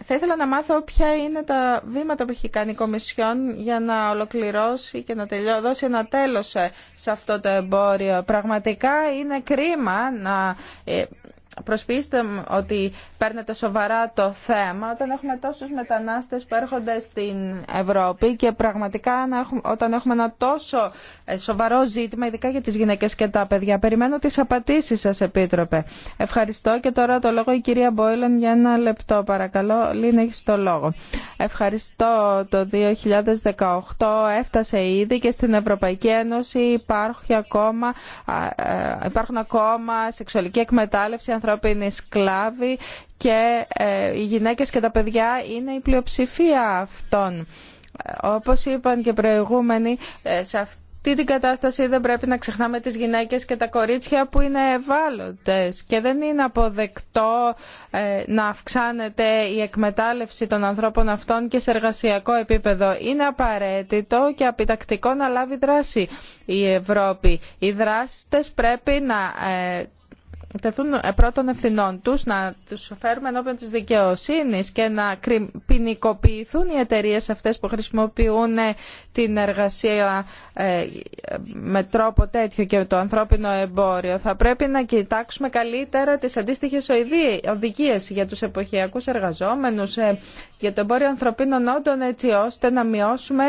Θα ήθελα να μάθω ποια είναι τα βήματα που έχει κάνει η Κομισιόν για να ολοκληρώσει και να τελειώ, δώσει ένα τέλος σε αυτό το εμπόριο. Πραγματικά είναι κρίμα να ε, Προσποιήστε ότι παίρνετε σοβαρά το θέμα όταν έχουμε τόσους μετανάστες που έρχονται στην Ευρώπη και πραγματικά όταν έχουμε ένα τόσο ε, σοβαρό ζήτημα, ειδικά για τις γυναίκες και τα παιδιά. Περιμένω τις απαντήσεις σας, Επίτροπε. Ευχαριστώ και τώρα το λόγο η κυρία Μπόιλεν για ένα λεπτό. Παρακαλώ, Λίνα, έχεις το λόγο. Ευχαριστώ. Το 2018 έφτασε ήδη και στην Ευρωπαϊκή Ένωση υπάρχει ακόμα, ε, υπάρχουν ακόμα σεξουαλική εκμετάλλευση είναι σκλάβοι και ε, οι γυναίκες και τα παιδιά είναι η πλειοψηφία αυτών. Ε, όπως είπαν και προηγούμενοι, ε, σε αυτή την κατάσταση δεν πρέπει να ξεχνάμε τις γυναίκες και τα κορίτσια που είναι ευάλωτες και δεν είναι αποδεκτό να αυξάνεται η εκμετάλλευση των ανθρώπων αυτών και σε εργασιακό επίπεδο. Είναι απαραίτητο και απιτακτικό να λάβει δράση η Ευρώπη. Οι δράστες πρέπει να τεθούν πρώτων ευθυνών τους, να τους φέρουμε ενώπιον της δικαιοσύνης και να ποινικοποιηθούν οι εταιρείε αυτές που χρησιμοποιούν ε, την εργασία ε, με τρόπο τέτοιο και το ανθρώπινο εμπόριο. Θα πρέπει να κοιτάξουμε καλύτερα τις αντίστοιχες οδηγίε για τους εποχιακούς εργαζόμενους, ε, για το εμπόριο ανθρωπίνων όντων έτσι ώστε να μειώσουμε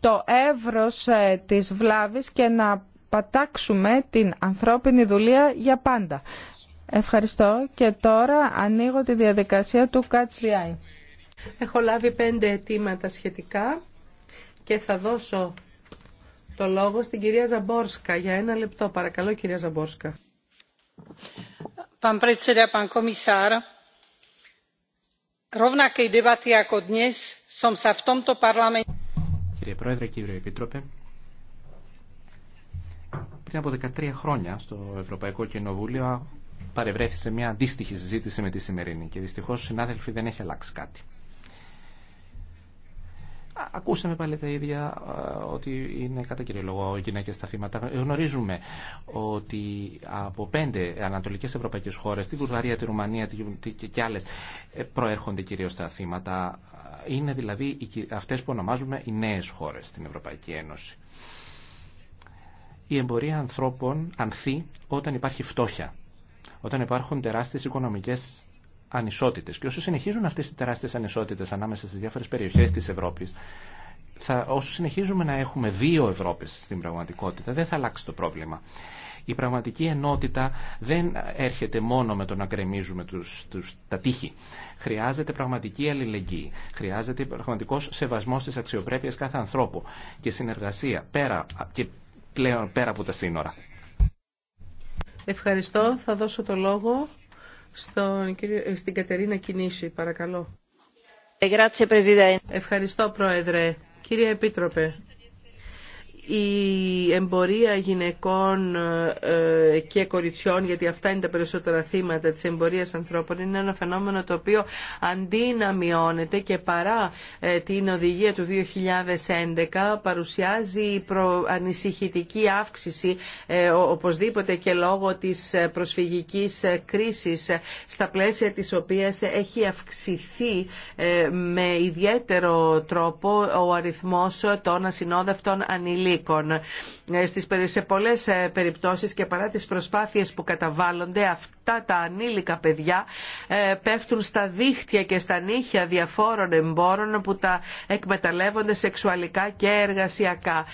το εύρος της βλάβης και να πατάξουμε την ανθρώπινη δουλεία για πάντα. Ευχαριστώ και τώρα ανοίγω τη διαδικασία του ΚΑΤΣΛΙΑΗ. Έχω λάβει πέντε αιτήματα σχετικά και θα δώσω το λόγο στην κυρία Ζαμπόρσκα. Για ένα λεπτό παρακαλώ κυρία Ζαμπόρσκα. Κύριε Πρόεδρε, κύριε Επίτροπε, πριν από 13 χρόνια στο Ευρωπαϊκό Κοινοβούλιο παρευρέθησε μια αντίστοιχη συζήτηση με τη σημερινή και δυστυχώς συνάδελφοι δεν έχει αλλάξει κάτι. Ακούσαμε πάλι τα ίδια ότι είναι κατά κύριο λόγο γυναίκε στα θύματα. Γνωρίζουμε ότι από πέντε ανατολικέ ευρωπαϊκέ χώρε, την Βουλγαρία, τη Ρουμανία και άλλε, ε, προέρχονται κυρίω τα θύματα. Είναι δηλαδή αυτέ που ονομάζουμε οι νέε χώρε στην Ευρωπαϊκή Ένωση η εμπορία ανθρώπων ανθεί όταν υπάρχει φτώχεια, όταν υπάρχουν τεράστιες οικονομικές ανισότητες. Και όσο συνεχίζουν αυτές οι τεράστιες ανισότητες ανάμεσα στις διάφορες περιοχές της Ευρώπης, θα, όσο συνεχίζουμε να έχουμε δύο Ευρώπες στην πραγματικότητα, δεν θα αλλάξει το πρόβλημα. Η πραγματική ενότητα δεν έρχεται μόνο με το να κρεμίζουμε τους, τους, τα τείχη. Χρειάζεται πραγματική αλληλεγγύη. Χρειάζεται πραγματικός σεβασμός της αξιοπρέπειας κάθε ανθρώπου και συνεργασία πέρα και πλέον πέρα από τα σύνορα. Ευχαριστώ. Θα δώσω το λόγο στον, ε, στην Κατερίνα Κινήση. παρακαλώ. Ε, Ευχαριστώ, Πρόεδρε. Κύριε Επίτροπε, η εμπορία γυναικών ε, και κοριτσιών, γιατί αυτά είναι τα περισσότερα θύματα της εμπορίας ανθρώπων, είναι ένα φαινόμενο το οποίο αντί να μειώνεται και παρά ε, την οδηγία του 2011 παρουσιάζει ανησυχητική αύξηση ε, οπωσδήποτε και λόγω της προσφυγικής κρίσης στα πλαίσια της οποίας έχει αυξηθεί με ιδιαίτερο τρόπο ο αριθμός των ασυνόδευτων ανηλίκων. Ε, στις Σε πολλές ε, περιπτώσεις και παρά τις προσπάθειες που καταβάλλονται αυτά τα ανήλικα παιδιά ε, πέφτουν στα δίχτυα και στα νύχια διαφόρων εμπόρων που τα εκμεταλλεύονται σεξουαλικά και εργασιακά.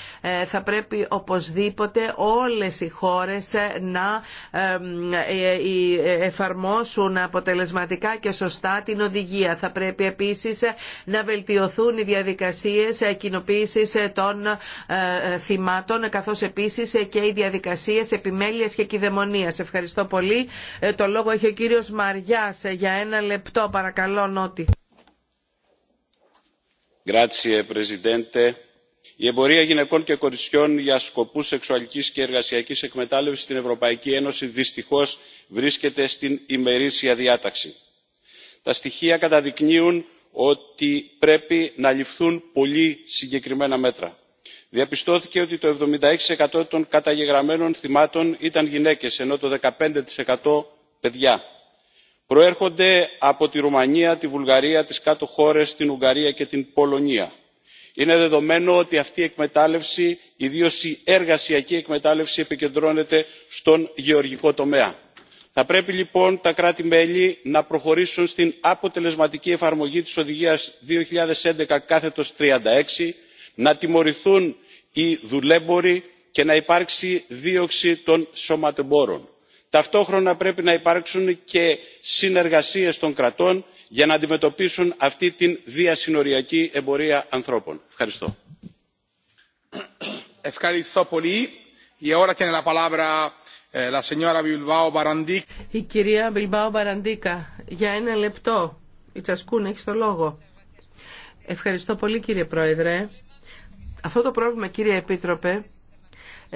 Θα πρέπει οπωσδήποτε όλες οι χώρες να εφαρμόσουν αποτελεσματικά και σωστά την οδηγία. Θα πρέπει επίσης να βελτιωθούν οι διαδικασίες των θυμάτων καθώς επίσης και οι διαδικασίες επιμέλειας και κυδαιμονίας. Ευχαριστώ πολύ. Ε, το λόγο έχει ο κύριος Μαριάς ε, για ένα λεπτό παρακαλώ Νότι. Η εμπορία γυναικών και κοριτσιών για σκοπούς σεξουαλικής και εργασιακής εκμετάλλευσης στην Ευρωπαϊκή Ένωση δυστυχώς βρίσκεται στην ημερήσια διάταξη. Τα στοιχεία καταδεικνύουν ότι πρέπει να ληφθούν πολύ συγκεκριμένα μέτρα διαπιστώθηκε ότι το 76% των καταγεγραμμένων θυμάτων ήταν γυναίκες ενώ το 15% παιδιά. προέρχονται από τη ρουμανία τη βουλγαρία τις κάτω χώρες την ουγγαρία και την πολωνία. είναι δεδομένο ότι αυτή η εκμετάλλευση ιδίως η εργασιακή εκμετάλλευση επικεντρώνεται στον γεωργικό τομέα. θα πρέπει λοιπόν τα κράτη μέλη να προχωρήσουν στην αποτελεσματική εφαρμογή της οδηγίας 2011/36 να τιμωρηθούν οι δουλέμποροι και να υπάρξει δίωξη των σωματεμπόρων. ταυτόχρονα πρέπει να υπάρξουν και συνεργασίες των κρατών για να αντιμετωπίσουν αυτή την διασυνοριακή εμπορία ανθρώπων. ευχαριστώ. ευχαριστώ πολύ. Η ε, κυρία Μπιλμπάο Μπαραντίκα, για ένα λεπτό. Η Τσασκούν έχει το λόγο. Ευχαριστώ πολύ κύριε Πρόεδρε. Αυτό το πρόβλημα, κύριε Επίτροπε,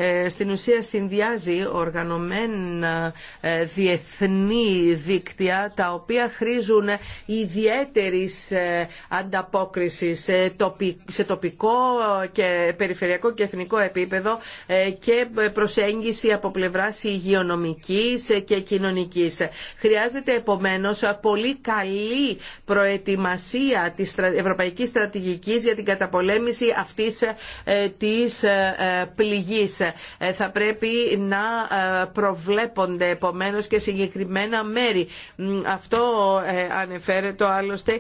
ε, στην ουσία συνδυάζει οργανωμένα ε, διεθνή δίκτυα τα οποία χρήζουν ιδιαίτερης ε, ανταπόκρισης σε τοπικό και περιφερειακό και εθνικό επίπεδο και προσέγγιση από πλευράς υγειονομικής και κοινωνικής. Χρειάζεται επομένως πολύ καλή προετοιμασία της ευρωπαϊκής στρατηγικής για την καταπολέμηση αυτής της πληγής ε, θα πρέπει να ε, προβλέπονται επομένως και συγκεκριμένα μέρη. Αυτό ε, το άλλωστε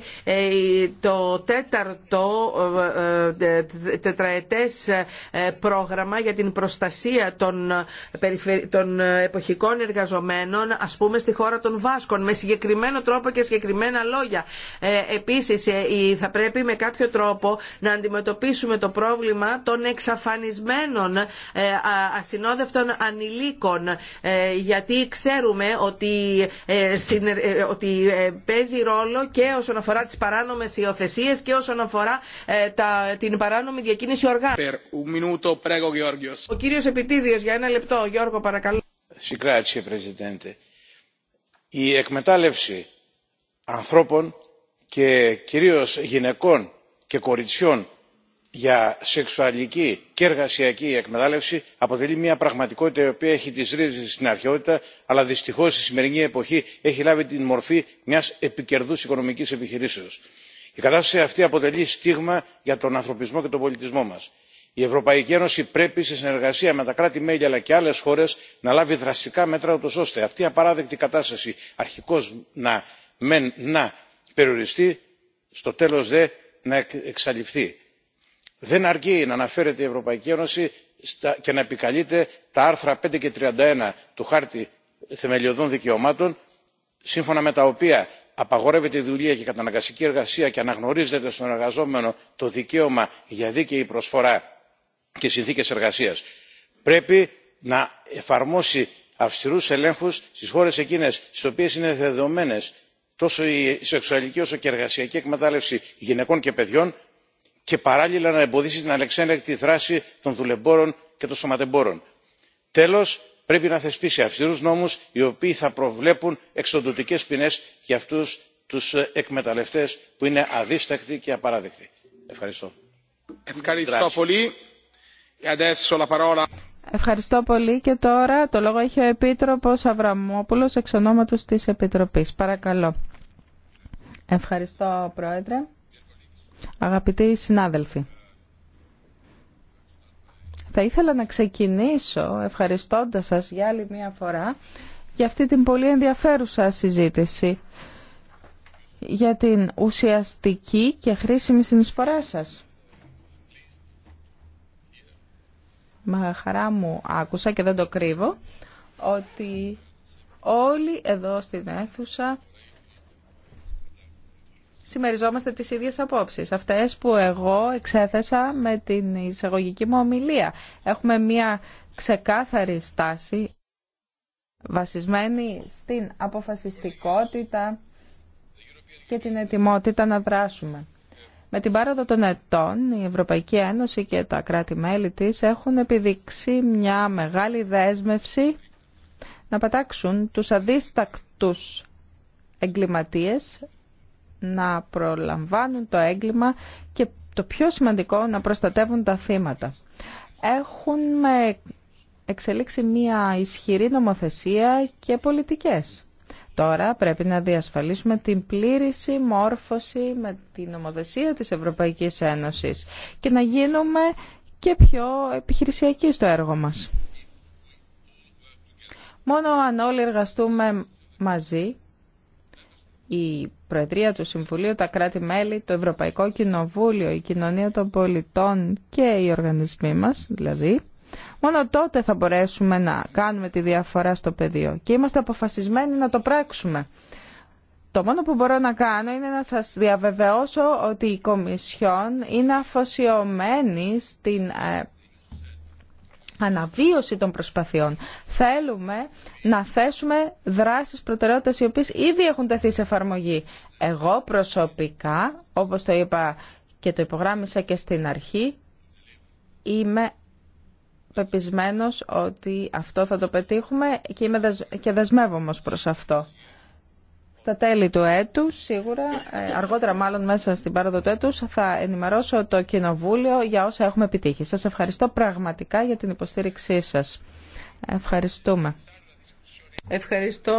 το τέταρτο τετραετές πρόγραμμα για την προστασία των εποχικών εργαζομένων ας πούμε στη χώρα των Βάσκων με συγκεκριμένο τρόπο και συγκεκριμένα λόγια. Επίσης θα πρέπει με κάποιο τρόπο να αντιμετωπίσουμε το πρόβλημα των εξαφανισμένων ε, ασυνόδευτων ανηλίκων ε, γιατί ξέρουμε ότι, ε, παίζει ρόλο και όσον αφορά τις παράνομες υιοθεσίε και όσον αφορά την παράνομη διακίνηση οργάνων. Ο κύριος Επιτίδιος για ένα λεπτό. Γιώργο παρακαλώ. Η εκμετάλλευση ανθρώπων και κυρίως γυναικών και κοριτσιών για σεξουαλική και εργασιακή εκμετάλλευση αποτελεί μια πραγματικότητα η οποία έχει τις ρίζες στην αρχαιότητα αλλά δυστυχώς στη σημερινή εποχή έχει λάβει την μορφή μιας επικερδούς οικονομικής επιχειρήσεως. η κατάσταση αυτή αποτελεί στίγμα για τον ανθρωπισμό και τον πολιτισμό μας. η ευρωπαϊκή ένωση πρέπει σε συνεργασία με τα κράτη μέλη αλλά και άλλες χώρες να λάβει δραστικά μέτρα ούτως ώστε αυτή η απαράδεκτη κατάσταση αρχικώς να μεν περιοριστεί στο τέλος δε να εξαλειφθεί δεν αρκεί να αναφέρεται η ευρωπαϊκή ένωση και να επικαλείται τα άρθρα 5 και 31 του χάρτη θεμελιωδών δικαιωμάτων σύμφωνα με τα οποία απαγορεύεται η δουλεία και η καταναγκαστική εργασία και αναγνωρίζεται στον εργαζόμενο το δικαίωμα για δίκαιη προσφορά και συνθήκες εργασίας. Πρέπει να εφαρμόσει αυστηρούς ελέγχους στις χώρες εκείνες στις οποίες είναι δεδομένες τόσο η σεξουαλική όσο και η εργασιακή εκμετάλλευση γυναικών και παιδιών και παράλληλα να εμποδίσει την ανεξέλεγκτη δράση των δουλεμπόρων και των σωματεμπόρων. τέλο πρέπει να θεσπίσει αυστηρού νόμου οι οποίοι θα προβλέπουν εξοντωτικέ ποινέ για αυτού του εκμεταλλευτέ που είναι αδίστακτοι και απαράδεκτοι. ευχαριστώ. Ευχαριστώ πολύ. Ευχαριστώ πολύ και τώρα το λόγο έχει ο Επίτροπος Αβραμόπουλος εξ ονόματος της Επιτροπής. Παρακαλώ. Ευχαριστώ Πρόεδρε. Αγαπητοί συνάδελφοι, θα ήθελα να ξεκινήσω ευχαριστώντας σας για άλλη μία φορά για αυτή την πολύ ενδιαφέρουσα συζήτηση για την ουσιαστική και χρήσιμη συνεισφορά σας. Μα χαρά μου άκουσα και δεν το κρύβω ότι όλοι εδώ στην αίθουσα συμμεριζόμαστε τις ίδιες απόψεις. Αυτές που εγώ εξέθεσα με την εισαγωγική μου ομιλία. Έχουμε μια ξεκάθαρη στάση βασισμένη στην αποφασιστικότητα και την ετοιμότητα να δράσουμε. Με την πάροδο των ετών, η Ευρωπαϊκή Ένωση και τα κράτη-μέλη της έχουν επιδείξει μια μεγάλη δέσμευση να πατάξουν τους αδίστακτους εγκληματίες να προλαμβάνουν το έγκλημα και το πιο σημαντικό να προστατεύουν τα θύματα. Έχουμε εξελίξει μια ισχυρή νομοθεσία και πολιτικές. Τώρα πρέπει να διασφαλίσουμε την πλήρη μόρφωση με την νομοθεσία της Ευρωπαϊκής Ένωσης και να γίνουμε και πιο επιχειρησιακοί στο έργο μας. Μόνο αν όλοι εργαστούμε μαζί, οι Προεδρία του Συμβουλίου, τα κράτη-μέλη, το Ευρωπαϊκό Κοινοβούλιο, η κοινωνία των πολιτών και οι οργανισμοί μας, δηλαδή, μόνο τότε θα μπορέσουμε να κάνουμε τη διαφορά στο πεδίο και είμαστε αποφασισμένοι να το πράξουμε. Το μόνο που μπορώ να κάνω είναι να σας διαβεβαιώσω ότι η Κομισιόν είναι αφοσιωμένη στην ε, αναβίωση των προσπαθειών. Θέλουμε να θέσουμε δράσεις προτεραιότητας οι οποίες ήδη έχουν τεθεί σε εφαρμογή. Εγώ προσωπικά, όπως το είπα και το υπογράμμισα και στην αρχή, είμαι πεπισμένος ότι αυτό θα το πετύχουμε και, είμαι και δεσμεύομαι προς αυτό στα τέλη του έτους, σίγουρα, ε, αργότερα μάλλον μέσα στην πάροδο του θα ενημερώσω το Κοινοβούλιο για όσα έχουμε επιτύχει. Σας ευχαριστώ πραγματικά για την υποστήριξή σας. Ευχαριστούμε. Ευχαριστώ.